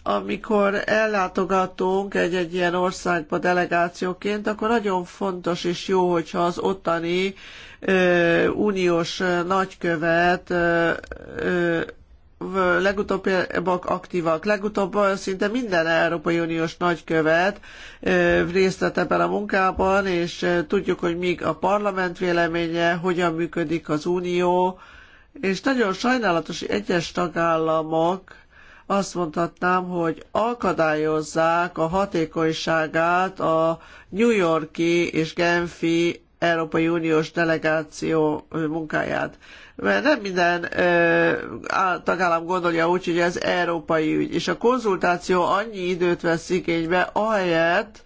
amikor ellátogatunk egy-egy ilyen országba delegációként, akkor nagyon fontos és jó, hogyha az ottani ö, uniós nagykövet ö, ö, legutóbbiak aktívak. Legutóbb szinte minden Európai Uniós nagykövet részt vett ebben a munkában, és tudjuk, hogy míg a parlament véleménye, hogyan működik az unió, és nagyon sajnálatos, hogy egyes tagállamok azt mondhatnám, hogy akadályozzák a hatékonyságát a New Yorki és Genfi Európai Uniós delegáció munkáját mert nem minden ö, tagállam gondolja úgy, hogy ez európai ügy, és a konzultáció annyi időt vesz igénybe, ahelyett,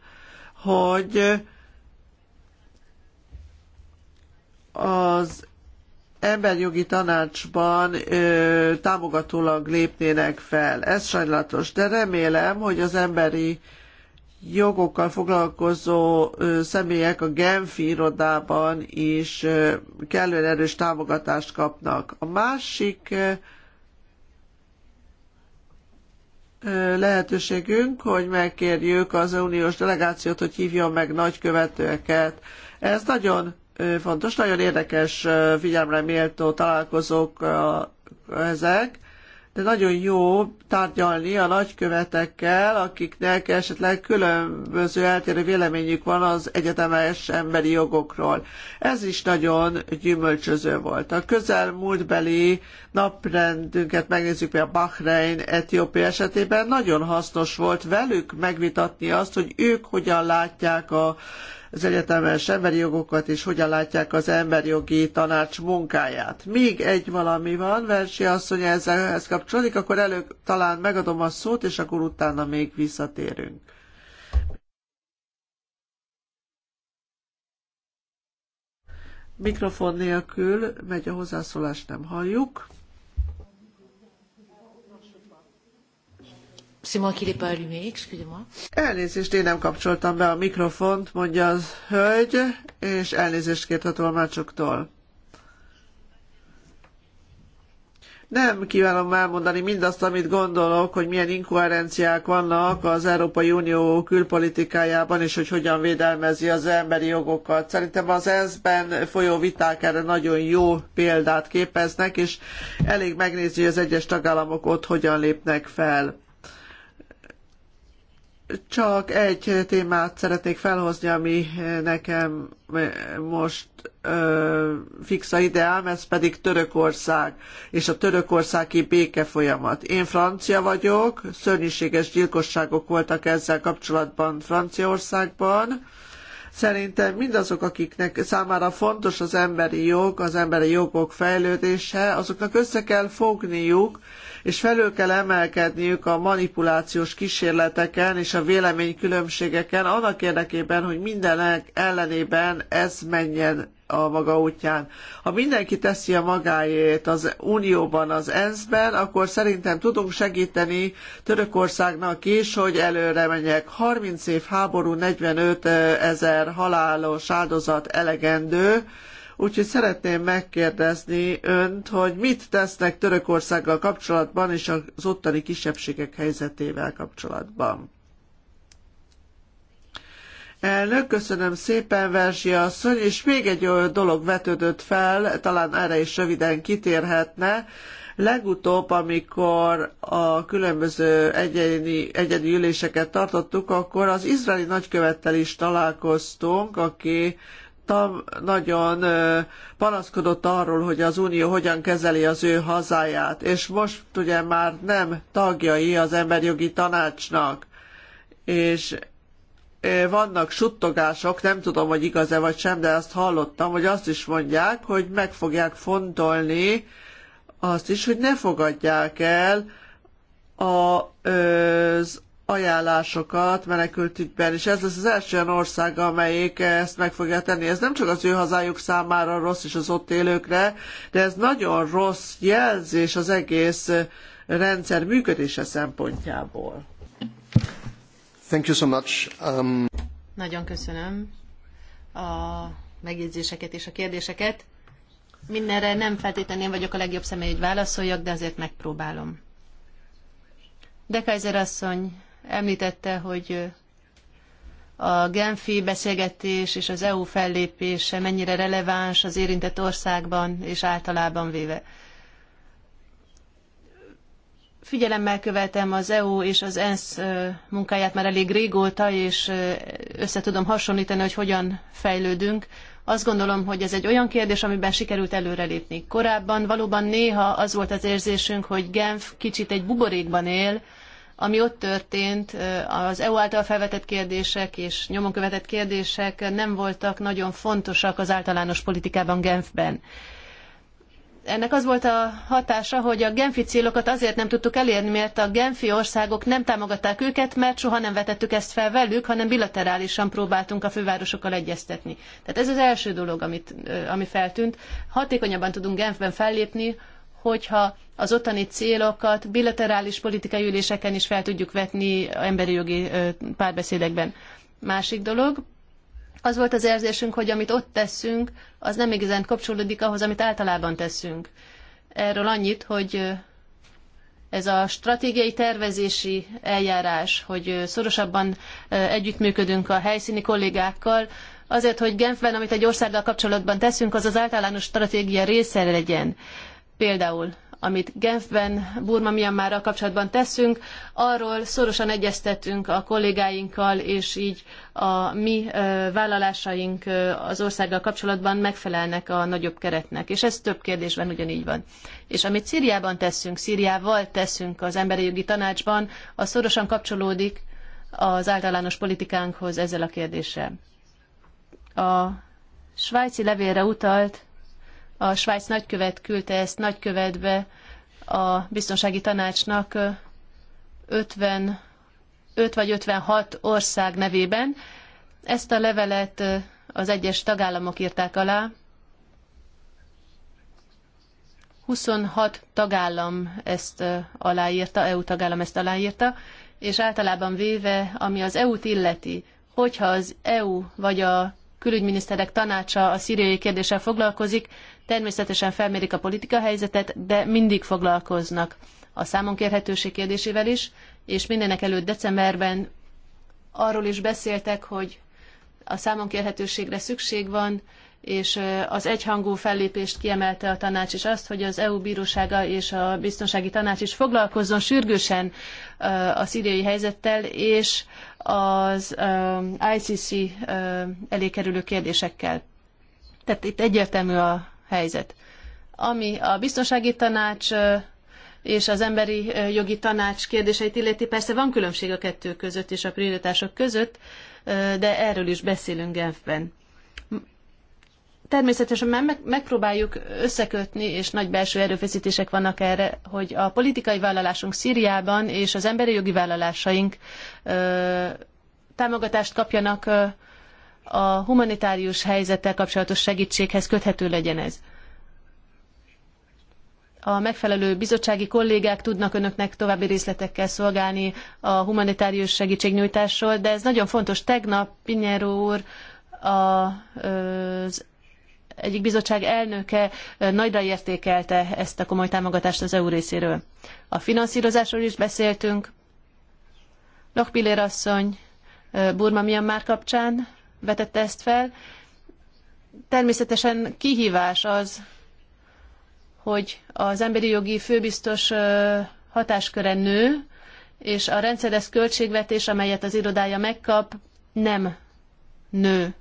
hogy az emberjogi tanácsban ö, támogatólag lépnének fel. Ez sajnálatos, de remélem, hogy az emberi jogokkal foglalkozó személyek a Genfi irodában is kellően erős támogatást kapnak. A másik lehetőségünk, hogy megkérjük az uniós delegációt, hogy hívjon meg nagykövetőeket. Ez nagyon fontos, nagyon érdekes, figyelemre méltó találkozók ezek de nagyon jó tárgyalni a nagykövetekkel, akiknek esetleg különböző eltérő véleményük van az egyetemes emberi jogokról. Ez is nagyon gyümölcsöző volt. A közel múltbeli naprendünket megnézzük például Bahrein, Etiópia esetében, nagyon hasznos volt velük megvitatni azt, hogy ők hogyan látják a az egyetemes emberi jogokat, és hogyan látják az emberi jogi tanács munkáját. Még egy valami van, Versi asszony ezzelhez kapcsolódik, akkor elő talán megadom a szót, és akkor utána még visszatérünk. Mikrofon nélkül megy a hozzászólás, nem halljuk. Elnézést, én nem kapcsoltam be a mikrofont, mondja az hölgy, és elnézést kért a tolmácsoktól. Nem kívánom elmondani mindazt, amit gondolok, hogy milyen inkoherenciák vannak az Európai Unió külpolitikájában, és hogy hogyan védelmezi az emberi jogokat. Szerintem az ENSZ-ben folyó viták erre nagyon jó példát képeznek, és elég megnézni, hogy az egyes tagállamok ott hogyan lépnek fel csak egy témát szeretnék felhozni, ami nekem most ö, fix a ideám, ez pedig Törökország és a törökországi béke folyamat. Én francia vagyok, szörnyűséges gyilkosságok voltak ezzel kapcsolatban Franciaországban, Szerintem mindazok, akiknek számára fontos az emberi jog, az emberi jogok fejlődése, azoknak össze kell fogniuk, és felül kell emelkedniük a manipulációs kísérleteken és a véleménykülönbségeken annak érdekében, hogy minden ellenében ez menjen a maga útján. Ha mindenki teszi a magáét az Unióban, az ENSZ-ben, akkor szerintem tudunk segíteni Törökországnak is, hogy előre menjek. 30 év háború, 45 eh, ezer halálos áldozat elegendő, Úgyhogy szeretném megkérdezni önt, hogy mit tesznek Törökországgal kapcsolatban és az ottani kisebbségek helyzetével kapcsolatban. Elnök, köszönöm szépen, Verzsi asszony, és még egy dolog vetődött fel, talán erre is röviden kitérhetne. Legutóbb, amikor a különböző egyéni, egyedi üléseket tartottuk, akkor az izraeli nagykövettel is találkoztunk, aki tam, nagyon panaszkodott arról, hogy az Unió hogyan kezeli az ő hazáját, és most ugye már nem tagjai az emberjogi tanácsnak, és vannak suttogások, nem tudom, hogy igaz-e vagy sem, de azt hallottam, hogy azt is mondják, hogy meg fogják fontolni azt is, hogy ne fogadják el az ajánlásokat menekültügyben, és ez lesz az első olyan ország, amelyik ezt meg fogja tenni. Ez nem csak az ő hazájuk számára rossz és az ott élőkre, de ez nagyon rossz jelzés az egész rendszer működése szempontjából. Thank you so much. Um... Nagyon köszönöm a megjegyzéseket és a kérdéseket. Mindenre nem feltétlenül én vagyok a legjobb személy, hogy válaszoljak, de azért megpróbálom. De Kaiser asszony említette, hogy a Genfi beszélgetés és az EU fellépése mennyire releváns az érintett országban és általában véve figyelemmel követem az EU és az ENSZ munkáját már elég régóta, és össze tudom hasonlítani, hogy hogyan fejlődünk. Azt gondolom, hogy ez egy olyan kérdés, amiben sikerült előrelépni. Korábban valóban néha az volt az érzésünk, hogy Genf kicsit egy buborékban él, ami ott történt, az EU által felvetett kérdések és nyomon követett kérdések nem voltak nagyon fontosak az általános politikában Genfben ennek az volt a hatása, hogy a genfi célokat azért nem tudtuk elérni, mert a genfi országok nem támogatták őket, mert soha nem vetettük ezt fel velük, hanem bilaterálisan próbáltunk a fővárosokkal egyeztetni. Tehát ez az első dolog, amit, ami feltűnt. Hatékonyabban tudunk Genfben fellépni, hogyha az ottani célokat bilaterális politikai üléseken is fel tudjuk vetni emberi jogi párbeszédekben. Másik dolog, az volt az érzésünk, hogy amit ott teszünk, az nem igazán kapcsolódik ahhoz, amit általában teszünk. Erről annyit, hogy ez a stratégiai tervezési eljárás, hogy szorosabban együttműködünk a helyszíni kollégákkal, azért, hogy Genfben, amit egy országgal kapcsolatban teszünk, az az általános stratégia része legyen. Például amit Genfben, Burma Myanmarral kapcsolatban teszünk, arról szorosan egyeztetünk a kollégáinkkal, és így a mi vállalásaink az országgal kapcsolatban megfelelnek a nagyobb keretnek. És ez több kérdésben ugyanígy van. És amit Szíriában teszünk, Szíriával teszünk az Emberi Jogi Tanácsban, az szorosan kapcsolódik az általános politikánkhoz ezzel a kérdéssel. A svájci levélre utalt a Svájc nagykövet küldte ezt nagykövetbe a biztonsági tanácsnak 50, 5 vagy 56 ország nevében. Ezt a levelet az egyes tagállamok írták alá. 26 tagállam ezt aláírta, EU tagállam ezt aláírta, és általában véve, ami az EU-t illeti, hogyha az EU vagy a külügyminiszterek tanácsa a szíriai kérdéssel foglalkozik, Természetesen felmérik a politika helyzetet, de mindig foglalkoznak a számonkérhetőség kérdésével is, és mindenek előtt decemberben arról is beszéltek, hogy a számonkérhetőségre szükség van, és az egyhangú fellépést kiemelte a tanács is azt, hogy az EU bírósága és a biztonsági tanács is foglalkozzon sürgősen a szíriai helyzettel, és az ICC elé kerülő kérdésekkel. Tehát itt egyértelmű a helyzet. Ami a biztonsági tanács és az emberi jogi tanács kérdéseit illeti, persze van különbség a kettő között és a prioritások között, de erről is beszélünk Genfben. Természetesen megpróbáljuk összekötni, és nagy belső erőfeszítések vannak erre, hogy a politikai vállalásunk Szíriában és az emberi jogi vállalásaink támogatást kapjanak a humanitárius helyzettel kapcsolatos segítséghez köthető legyen ez. A megfelelő bizottsági kollégák tudnak önöknek további részletekkel szolgálni a humanitárius segítségnyújtásról, de ez nagyon fontos. Tegnap Pinheiro úr az egyik bizottság elnöke nagyra értékelte ezt a komoly támogatást az EU részéről. A finanszírozásról is beszéltünk. Lokpillér asszony Burma Myanmar kapcsán vetette ezt fel. Természetesen kihívás az, hogy az emberi jogi főbiztos hatásköre nő, és a rendszeres költségvetés, amelyet az irodája megkap, nem nő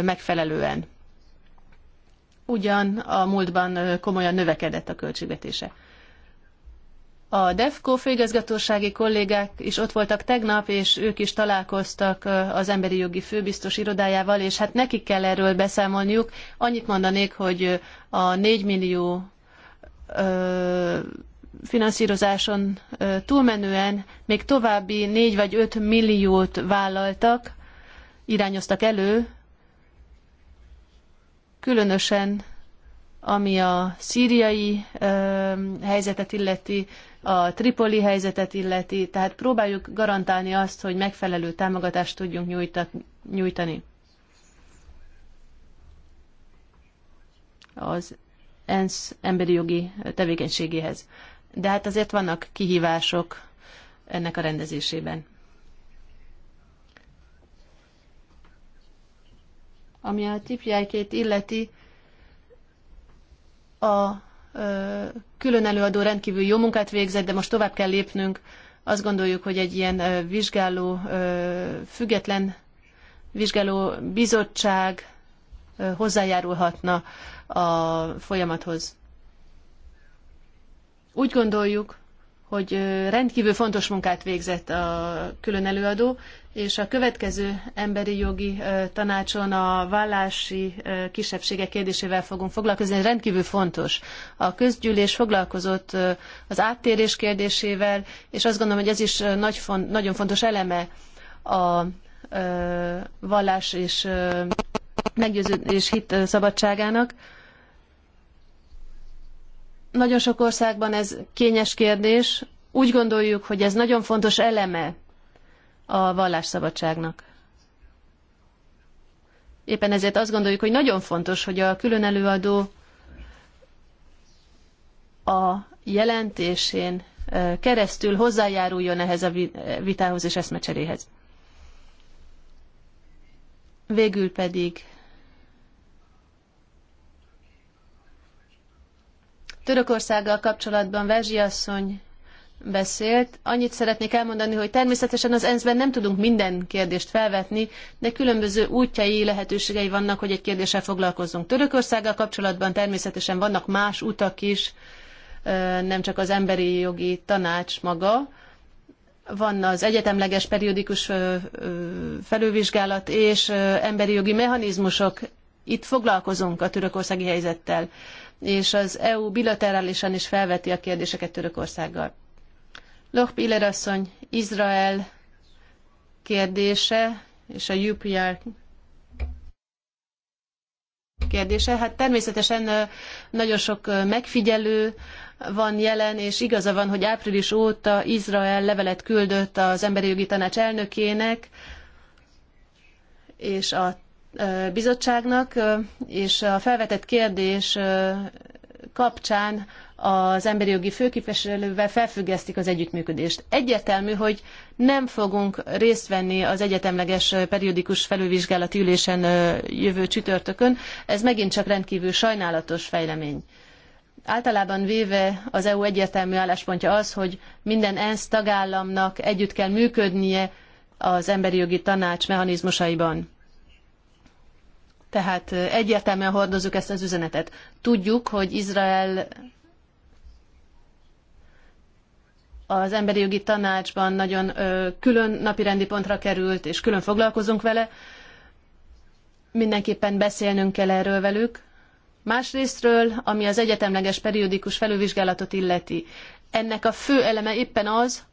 megfelelően. Ugyan a múltban komolyan növekedett a költségvetése. A DEFCO főigazgatósági kollégák is ott voltak tegnap, és ők is találkoztak az emberi jogi főbiztos irodájával, és hát nekik kell erről beszámolniuk. Annyit mondanék, hogy a 4 millió ö, finanszírozáson ö, túlmenően még további 4 vagy 5 milliót vállaltak, irányoztak elő, különösen ami a szíriai ö, helyzetet illeti, a tripoli helyzetet illeti, tehát próbáljuk garantálni azt, hogy megfelelő támogatást tudjunk nyújtani. Az ENSZ emberi jogi tevékenységéhez. De hát azért vannak kihívások ennek a rendezésében. Ami a tipjájkét illeti, a külön előadó rendkívül jó munkát végzett, de most tovább kell lépnünk. Azt gondoljuk, hogy egy ilyen vizsgáló, független vizsgáló bizottság hozzájárulhatna a folyamathoz. Úgy gondoljuk, hogy rendkívül fontos munkát végzett a külön előadó, és a következő emberi jogi tanácson a vallási kisebbségek kérdésével fogunk foglalkozni, ez rendkívül fontos. A közgyűlés foglalkozott az áttérés kérdésével, és azt gondolom, hogy ez is nagy, nagyon fontos eleme a vallás és meggyőződés hit szabadságának. Nagyon sok országban ez kényes kérdés. Úgy gondoljuk, hogy ez nagyon fontos eleme a vallásszabadságnak. Éppen ezért azt gondoljuk, hogy nagyon fontos, hogy a külön előadó a jelentésén keresztül hozzájáruljon ehhez a vitához és eszmecseréhez. Végül pedig Törökországgal kapcsolatban Vezsi asszony beszélt. Annyit szeretnék elmondani, hogy természetesen az ENSZ-ben nem tudunk minden kérdést felvetni, de különböző útjai, lehetőségei vannak, hogy egy kérdéssel foglalkozzunk. Törökországgal kapcsolatban természetesen vannak más utak is, nem csak az emberi jogi tanács maga, van az egyetemleges periódikus felülvizsgálat és emberi jogi mechanizmusok. Itt foglalkozunk a törökországi helyzettel és az EU bilaterálisan is felveti a kérdéseket Törökországgal. Loch Piller asszony, Izrael kérdése és a UPR kérdése. Hát természetesen nagyon sok megfigyelő van jelen, és igaza van, hogy április óta Izrael levelet küldött az Emberi Jogi Tanács elnökének, és a bizottságnak, és a felvetett kérdés kapcsán az emberi jogi főképviselővel felfüggesztik az együttműködést. Egyértelmű, hogy nem fogunk részt venni az egyetemleges periódikus felülvizsgálati ülésen jövő csütörtökön. Ez megint csak rendkívül sajnálatos fejlemény. Általában véve az EU egyértelmű álláspontja az, hogy minden ENSZ tagállamnak együtt kell működnie az emberi jogi tanács mechanizmusaiban. Tehát egyértelműen hordozzuk ezt az üzenetet. Tudjuk, hogy Izrael az emberi jogi tanácsban nagyon külön napirendi pontra került, és külön foglalkozunk vele. Mindenképpen beszélnünk kell erről velük. Másrésztről, ami az egyetemleges periódikus felülvizsgálatot illeti, ennek a fő eleme éppen az,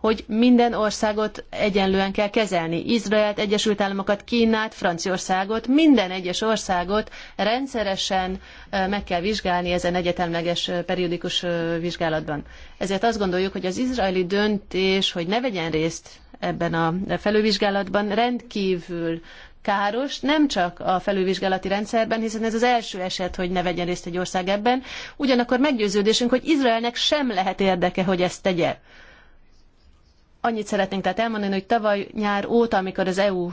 hogy minden országot egyenlően kell kezelni. Izraelt, Egyesült Államokat, Kínát, Franciaországot, minden egyes országot rendszeresen meg kell vizsgálni ezen egyetemleges periódikus vizsgálatban. Ezért azt gondoljuk, hogy az izraeli döntés, hogy ne vegyen részt ebben a felülvizsgálatban rendkívül káros, nem csak a felülvizsgálati rendszerben, hiszen ez az első eset, hogy ne vegyen részt egy ország ebben, ugyanakkor meggyőződésünk, hogy Izraelnek sem lehet érdeke, hogy ezt tegye Annyit szeretnénk tehát elmondani, hogy tavaly nyár óta, amikor az EU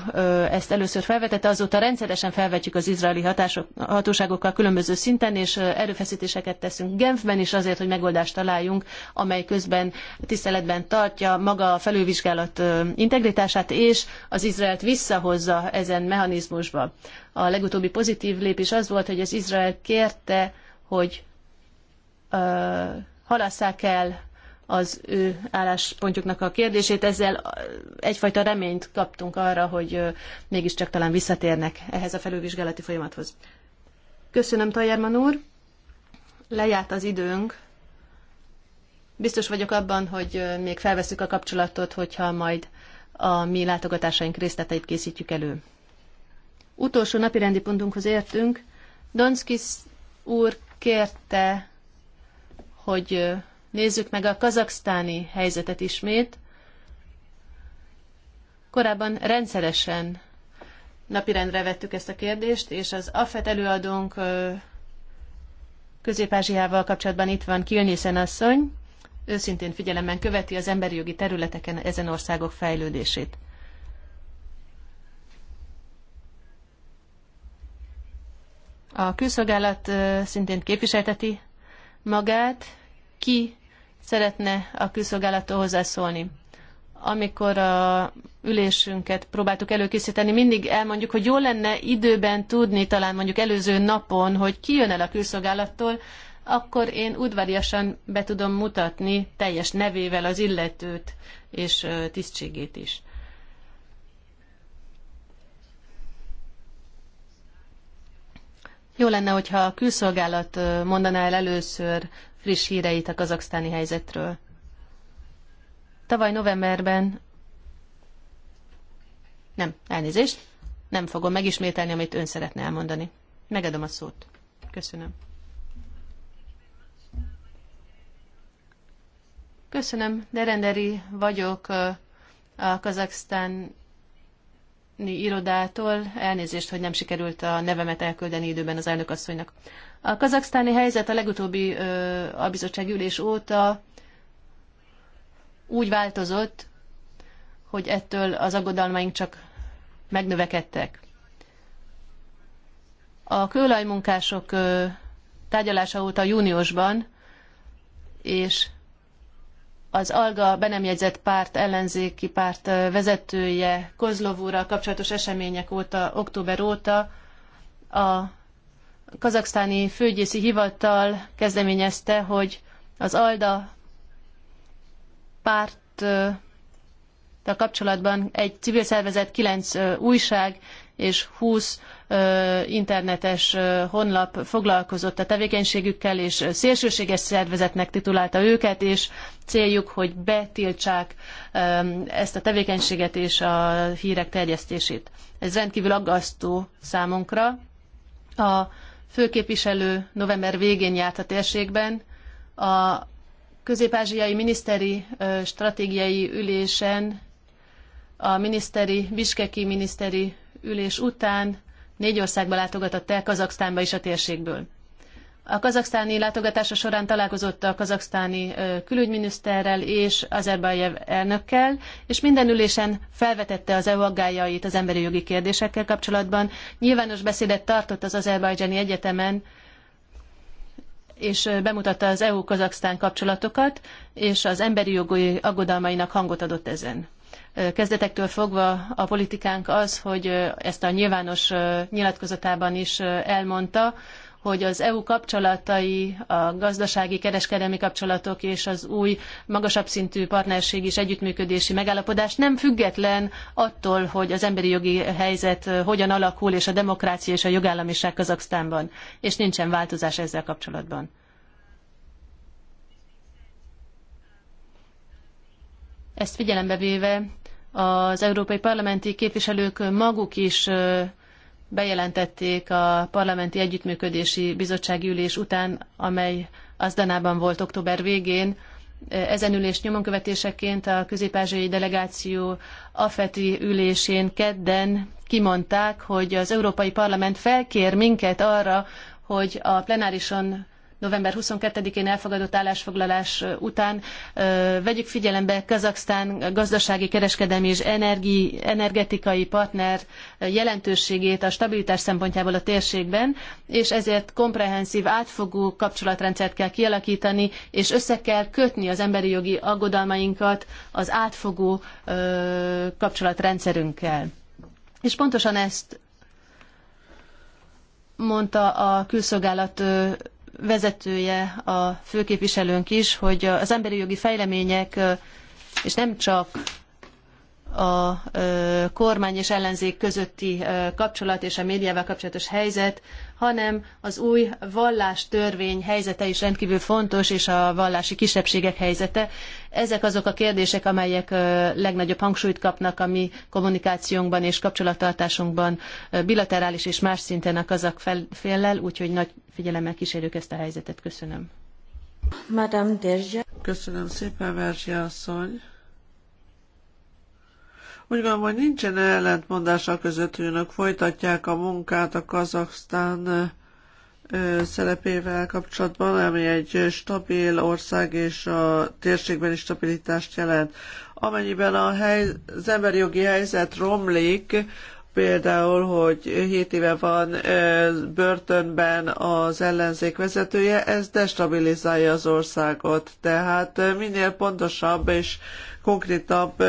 ezt először felvetette, azóta rendszeresen felvetjük az izraeli hatások, hatóságokkal különböző szinten, és erőfeszítéseket teszünk Genfben is azért, hogy megoldást találjunk, amely közben tiszteletben tartja maga a felülvizsgálat integritását, és az Izraelt visszahozza ezen mechanizmusba. A legutóbbi pozitív lépés az volt, hogy az Izrael kérte, hogy ö, halasszák el az ő álláspontjuknak a kérdését. Ezzel egyfajta reményt kaptunk arra, hogy mégiscsak talán visszatérnek ehhez a felülvizsgálati folyamathoz. Köszönöm, Tajerman úr. Lejárt az időnk. Biztos vagyok abban, hogy még felveszük a kapcsolatot, hogyha majd a mi látogatásaink részleteit készítjük elő. Utolsó napirendi pontunkhoz értünk. Donskis úr kérte, hogy Nézzük meg a kazaksztáni helyzetet ismét. Korábban rendszeresen napirendre vettük ezt a kérdést, és az AFET előadónk Közép-Ázsiával kapcsolatban itt van Kilnészen asszony, őszintén figyelemmel követi az emberi jogi területeken ezen országok fejlődését. A külszolgálat szintén képviselteti magát, ki szeretne a külszolgálattól hozzászólni. Amikor a ülésünket próbáltuk előkészíteni, mindig elmondjuk, hogy jó lenne időben tudni, talán mondjuk előző napon, hogy ki jön el a külszolgálattól, akkor én udvariasan be tudom mutatni teljes nevével az illetőt és tisztségét is. Jó lenne, hogyha a külszolgálat mondaná el először friss híreit a kazaksztáni helyzetről. Tavaly novemberben, nem, elnézést, nem fogom megismételni, amit ön szeretne elmondani. Megadom a szót. Köszönöm. Köszönöm, Derenderi vagyok a Kazaksztáni irodától. Elnézést, hogy nem sikerült a nevemet elküldeni időben az elnökasszonynak. A kazaksztáni helyzet a legutóbbi a bizottság ülés óta úgy változott, hogy ettől az aggodalmaink csak megnövekedtek. A kőolajmunkások tárgyalása óta júniusban, és az Alga be nem jegyzett párt, ellenzéki párt vezetője Kozlovúra kapcsolatos események óta, október óta a kazaksztáni főgyészi hivatal kezdeményezte, hogy az ALDA párt kapcsolatban egy civil szervezet, kilenc újság és 20 internetes honlap foglalkozott a tevékenységükkel, és szélsőséges szervezetnek titulálta őket, és céljuk, hogy betiltsák ezt a tevékenységet és a hírek terjesztését. Ez rendkívül aggasztó számunkra. A főképviselő november végén járt a térségben. A közép-ázsiai miniszteri stratégiai ülésen, a miniszteri, Biskeki miniszteri ülés után négy országba látogatott el Kazaksztánba is a térségből. A kazaksztáni látogatása során találkozott a kazaksztáni külügyminiszterrel és Azerbajdzsán elnökkel, és minden ülésen felvetette az EU aggájait az emberi jogi kérdésekkel kapcsolatban. Nyilvános beszédet tartott az azerbajdzsáni egyetemen, és bemutatta az EU-Kazaksztán kapcsolatokat, és az emberi jogi aggodalmainak hangot adott ezen. Kezdetektől fogva a politikánk az, hogy ezt a nyilvános nyilatkozatában is elmondta, hogy az EU kapcsolatai, a gazdasági, kereskedelmi kapcsolatok és az új magasabb szintű partnerség és együttműködési megállapodás nem független attól, hogy az emberi jogi helyzet hogyan alakul, és a demokrácia és a jogállamiság Kazaksztánban. És nincsen változás ezzel kapcsolatban. Ezt figyelembe véve az európai parlamenti képviselők maguk is bejelentették a Parlamenti Együttműködési Bizottsági Ülés után, amely Azdanában volt október végén. Ezen ülés nyomonkövetéseként a közép-ázsiai delegáció AFETI ülésén kedden kimondták, hogy az Európai Parlament felkér minket arra, hogy a plenárison november 22-én elfogadott állásfoglalás után vegyük figyelembe Kazaksztán gazdasági, kereskedelmi és energi, energetikai partner jelentőségét a stabilitás szempontjából a térségben, és ezért komprehenszív, átfogó kapcsolatrendszert kell kialakítani, és össze kell kötni az emberi jogi aggodalmainkat az átfogó kapcsolatrendszerünkkel. És pontosan ezt mondta a külszolgálat vezetője, a főképviselőnk is, hogy az emberi jogi fejlemények, és nem csak a kormány és ellenzék közötti kapcsolat és a médiával kapcsolatos helyzet, hanem az új vallástörvény helyzete is rendkívül fontos, és a vallási kisebbségek helyzete. Ezek azok a kérdések, amelyek legnagyobb hangsúlyt kapnak a mi kommunikációnkban és kapcsolattartásunkban, bilaterális és más szinten a kazak féllel, úgyhogy nagy figyelemmel kísérjük ezt a helyzetet. Köszönöm. Madame Derzsia. Köszönöm szépen, Verzsia asszony. Úgy gondolom, hogy nincsen ellentmondás a között, hogy önök folytatják a munkát a Kazaksztán szerepével kapcsolatban, ami egy stabil ország és a térségben is stabilitást jelent. Amennyiben a hely, az emberi jogi helyzet romlik, például, hogy 7 éve van börtönben az ellenzék vezetője, ez destabilizálja az országot. Tehát minél pontosabb és konkrétabb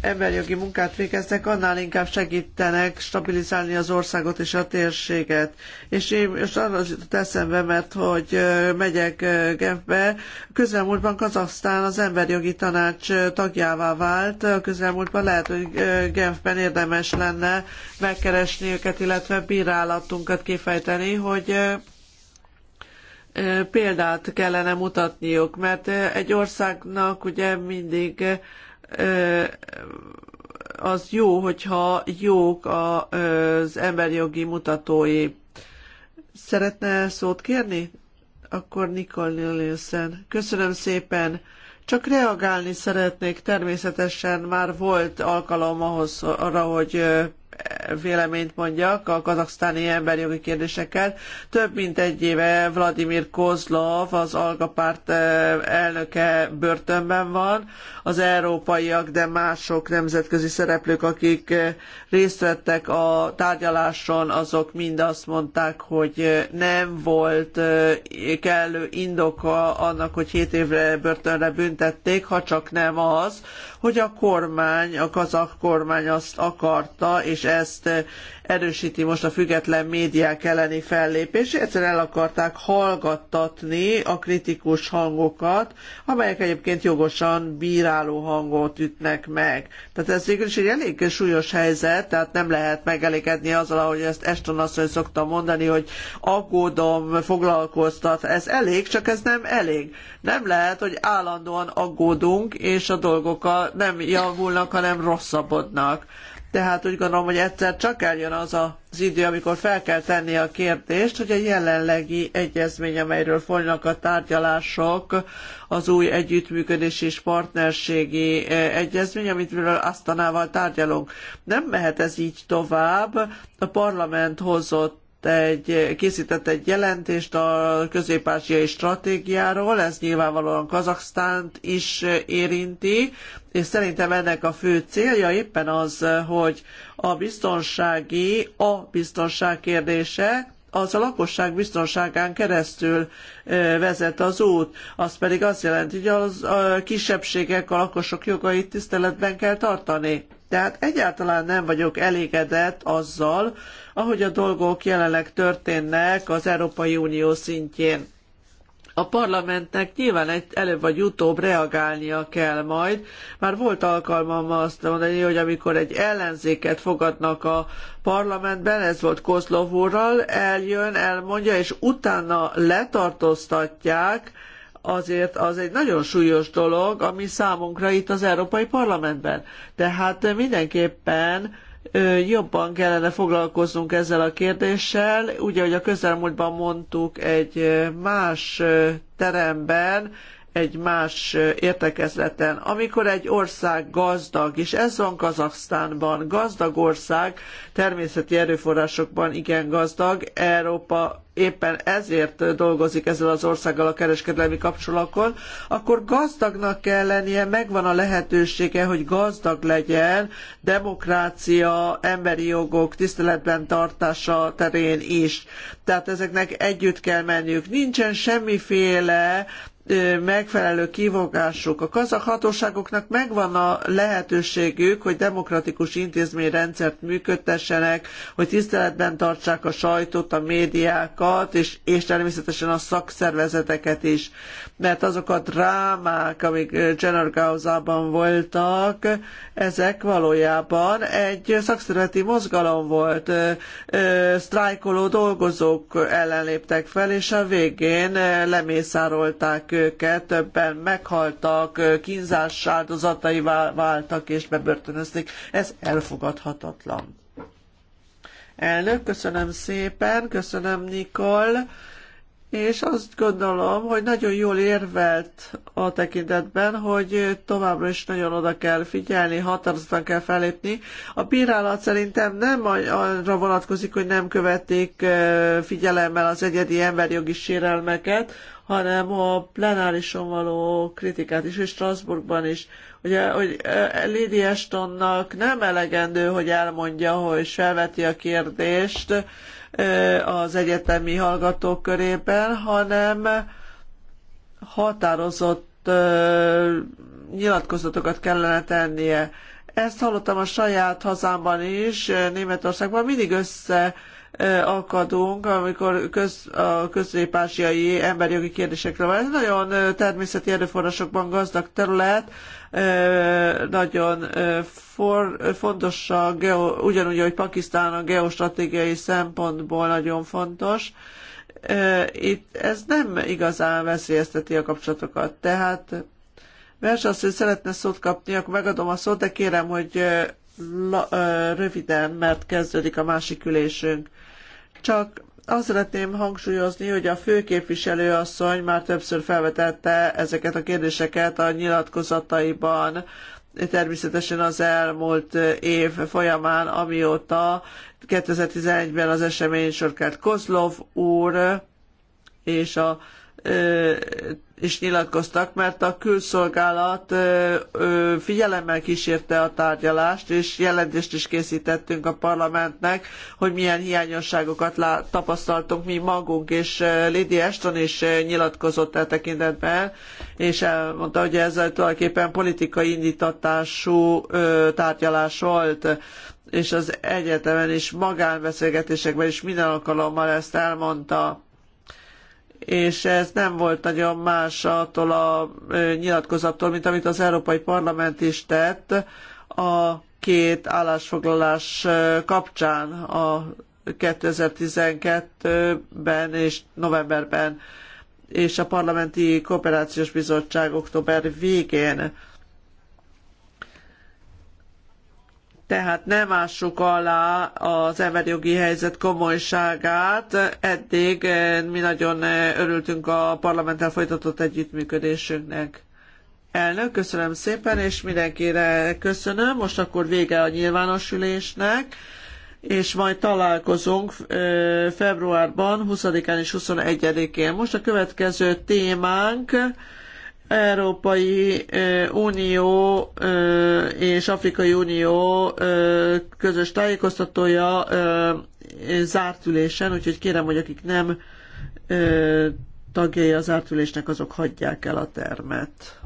emberjogi munkát végeznek, annál inkább segítenek stabilizálni az országot és a térséget. És én most arra jutott eszembe, mert hogy megyek Genfbe, közelmúltban Kazaksztán az emberjogi tanács tagjává vált, közelmúltban lehet, hogy Genfben érdemes lenne megkeresni őket, illetve bírálatunkat kifejteni, hogy példát kellene mutatniuk, mert egy országnak ugye mindig az jó, hogyha jók az emberjogi mutatói. Szeretne szót kérni? Akkor Nikol Nielsen. Köszönöm szépen. Csak reagálni szeretnék, természetesen már volt alkalom ahhoz, arra, hogy véleményt mondjak a kazaksztáni emberjogi kérdésekkel. Több mint egy éve Vladimir Kozlov, az Alga párt eh, elnöke börtönben van. Az európaiak, de mások nemzetközi szereplők, akik eh, részt vettek a tárgyaláson, azok mind azt mondták, hogy eh, nem volt kellő indoka annak, hogy hét évre börtönre büntették, ha csak nem az, hogy a kormány, a kazak kormány azt akarta, és ezt erősíti most a független médiák elleni fellépés. Egyszerűen el akarták hallgattatni a kritikus hangokat, amelyek egyébként jogosan bíráló hangot ütnek meg. Tehát ez végül is egy elég súlyos helyzet, tehát nem lehet megelégedni azzal, ahogy ezt Eston asszony szokta mondani, hogy aggódom, foglalkoztat. Ez elég, csak ez nem elég. Nem lehet, hogy állandóan aggódunk, és a dolgok a nem javulnak, hanem rosszabbodnak. Tehát úgy gondolom, hogy egyszer csak eljön az az idő, amikor fel kell tenni a kérdést, hogy a jelenlegi egyezmény, amelyről folynak a tárgyalások, az új együttműködési és partnerségi e, egyezmény, amit aztánával tárgyalunk. Nem mehet ez így tovább. A parlament hozott egy, készített egy jelentést a közép-ázsiai stratégiáról, ez nyilvánvalóan Kazaksztánt is érinti, és szerintem ennek a fő célja éppen az, hogy a biztonsági, a biztonság kérdése, az a lakosság biztonságán keresztül vezet az út. Az pedig azt jelenti, hogy az, a kisebbségek, a lakosok jogait tiszteletben kell tartani. Tehát egyáltalán nem vagyok elégedett azzal, ahogy a dolgok jelenleg történnek az Európai Unió szintjén. A parlamentnek nyilván egy, előbb vagy utóbb reagálnia kell majd. Már volt alkalmam azt mondani, hogy amikor egy ellenzéket fogadnak a parlamentben, ez volt Kozlov úrral, eljön, elmondja, és utána letartóztatják, azért az egy nagyon súlyos dolog, ami számunkra itt az Európai Parlamentben. Tehát mindenképpen jobban kellene foglalkoznunk ezzel a kérdéssel. Ugye, hogy a közelmúltban mondtuk, egy más teremben, egy más értekezleten. Amikor egy ország gazdag, és ez van Kazaksztánban, gazdag ország, természeti erőforrásokban igen gazdag, Európa éppen ezért dolgozik ezzel az országgal a kereskedelmi kapcsolatokon, akkor gazdagnak kell lennie, megvan a lehetősége, hogy gazdag legyen demokrácia, emberi jogok tiszteletben tartása terén is. Tehát ezeknek együtt kell menniük. Nincsen semmiféle megfelelő kivogásuk. A kazak hatóságoknak megvan a lehetőségük, hogy demokratikus intézményrendszert működtessenek, hogy tiszteletben tartsák a sajtót, a médiákat, és, és természetesen a szakszervezeteket is. Mert azok a drámák, amik Csenergauzában voltak, ezek valójában egy szakszervezeti mozgalom volt. Sztrájkoló dolgozók ellen léptek fel, és a végén lemészárolták őket, többen meghaltak, kínzás áldozatai váltak és bebörtönözték. Ez elfogadhatatlan. Elnök, köszönöm szépen, köszönöm Nikol, és azt gondolom, hogy nagyon jól érvelt a tekintetben, hogy továbbra is nagyon oda kell figyelni, határozottan kell fellépni. A bírálat szerintem nem arra vonatkozik, hogy nem követték figyelemmel az egyedi emberjogi sérelmeket, hanem a plenárison való kritikát is, és Strasbourgban is. Ugye, hogy Lady Ashtonnak nem elegendő, hogy elmondja, hogy felveti a kérdést az egyetemi hallgatók körében, hanem határozott nyilatkozatokat kellene tennie. Ezt hallottam a saját hazámban is, Németországban, mindig össze akadunk, amikor köz, a közép-ázsiai emberjogi kérdésekre van. Ez nagyon természeti erőforrásokban gazdag terület, nagyon for, fontos a geo, ugyanúgy, hogy Pakisztán a geostratégiai szempontból nagyon fontos. Itt ez nem igazán veszélyezteti a kapcsolatokat. Tehát Vers azt, hogy szeretne szót kapni, akkor megadom a szót, de kérem, hogy la, röviden, mert kezdődik a másik ülésünk. Csak azt szeretném hangsúlyozni, hogy a főképviselő asszony már többször felvetette ezeket a kérdéseket a nyilatkozataiban, természetesen az elmúlt év folyamán, amióta 2011-ben az esemény sor Kozlov úr és a is nyilatkoztak, mert a külszolgálat figyelemmel kísérte a tárgyalást, és jelentést is készítettünk a parlamentnek, hogy milyen hiányosságokat tapasztaltunk mi magunk, és Lady Ashton is nyilatkozott e tekintetben, és elmondta, hogy ez tulajdonképpen politikai indítatású tárgyalás volt és az egyetemen is magánbeszélgetésekben is minden alkalommal ezt elmondta és ez nem volt nagyon más attól a nyilatkozattól, mint amit az Európai Parlament is tett a két állásfoglalás kapcsán a 2012-ben és novemberben és a Parlamenti Kooperációs Bizottság október végén Tehát nem ássuk alá az emberjogi helyzet komolyságát. Eddig eh, mi nagyon eh, örültünk a parlamenttel folytatott együttműködésünknek. Elnök, köszönöm szépen, és mindenkire köszönöm. Most akkor vége a nyilvános ülésnek, és majd találkozunk eh, februárban, 20-án és 21-én. Most a következő témánk Európai Unió és Afrikai Unió közös tájékoztatója zárt ülésen, úgyhogy kérem, hogy akik nem tagjai zárt ülésnek, azok hagyják el a termet.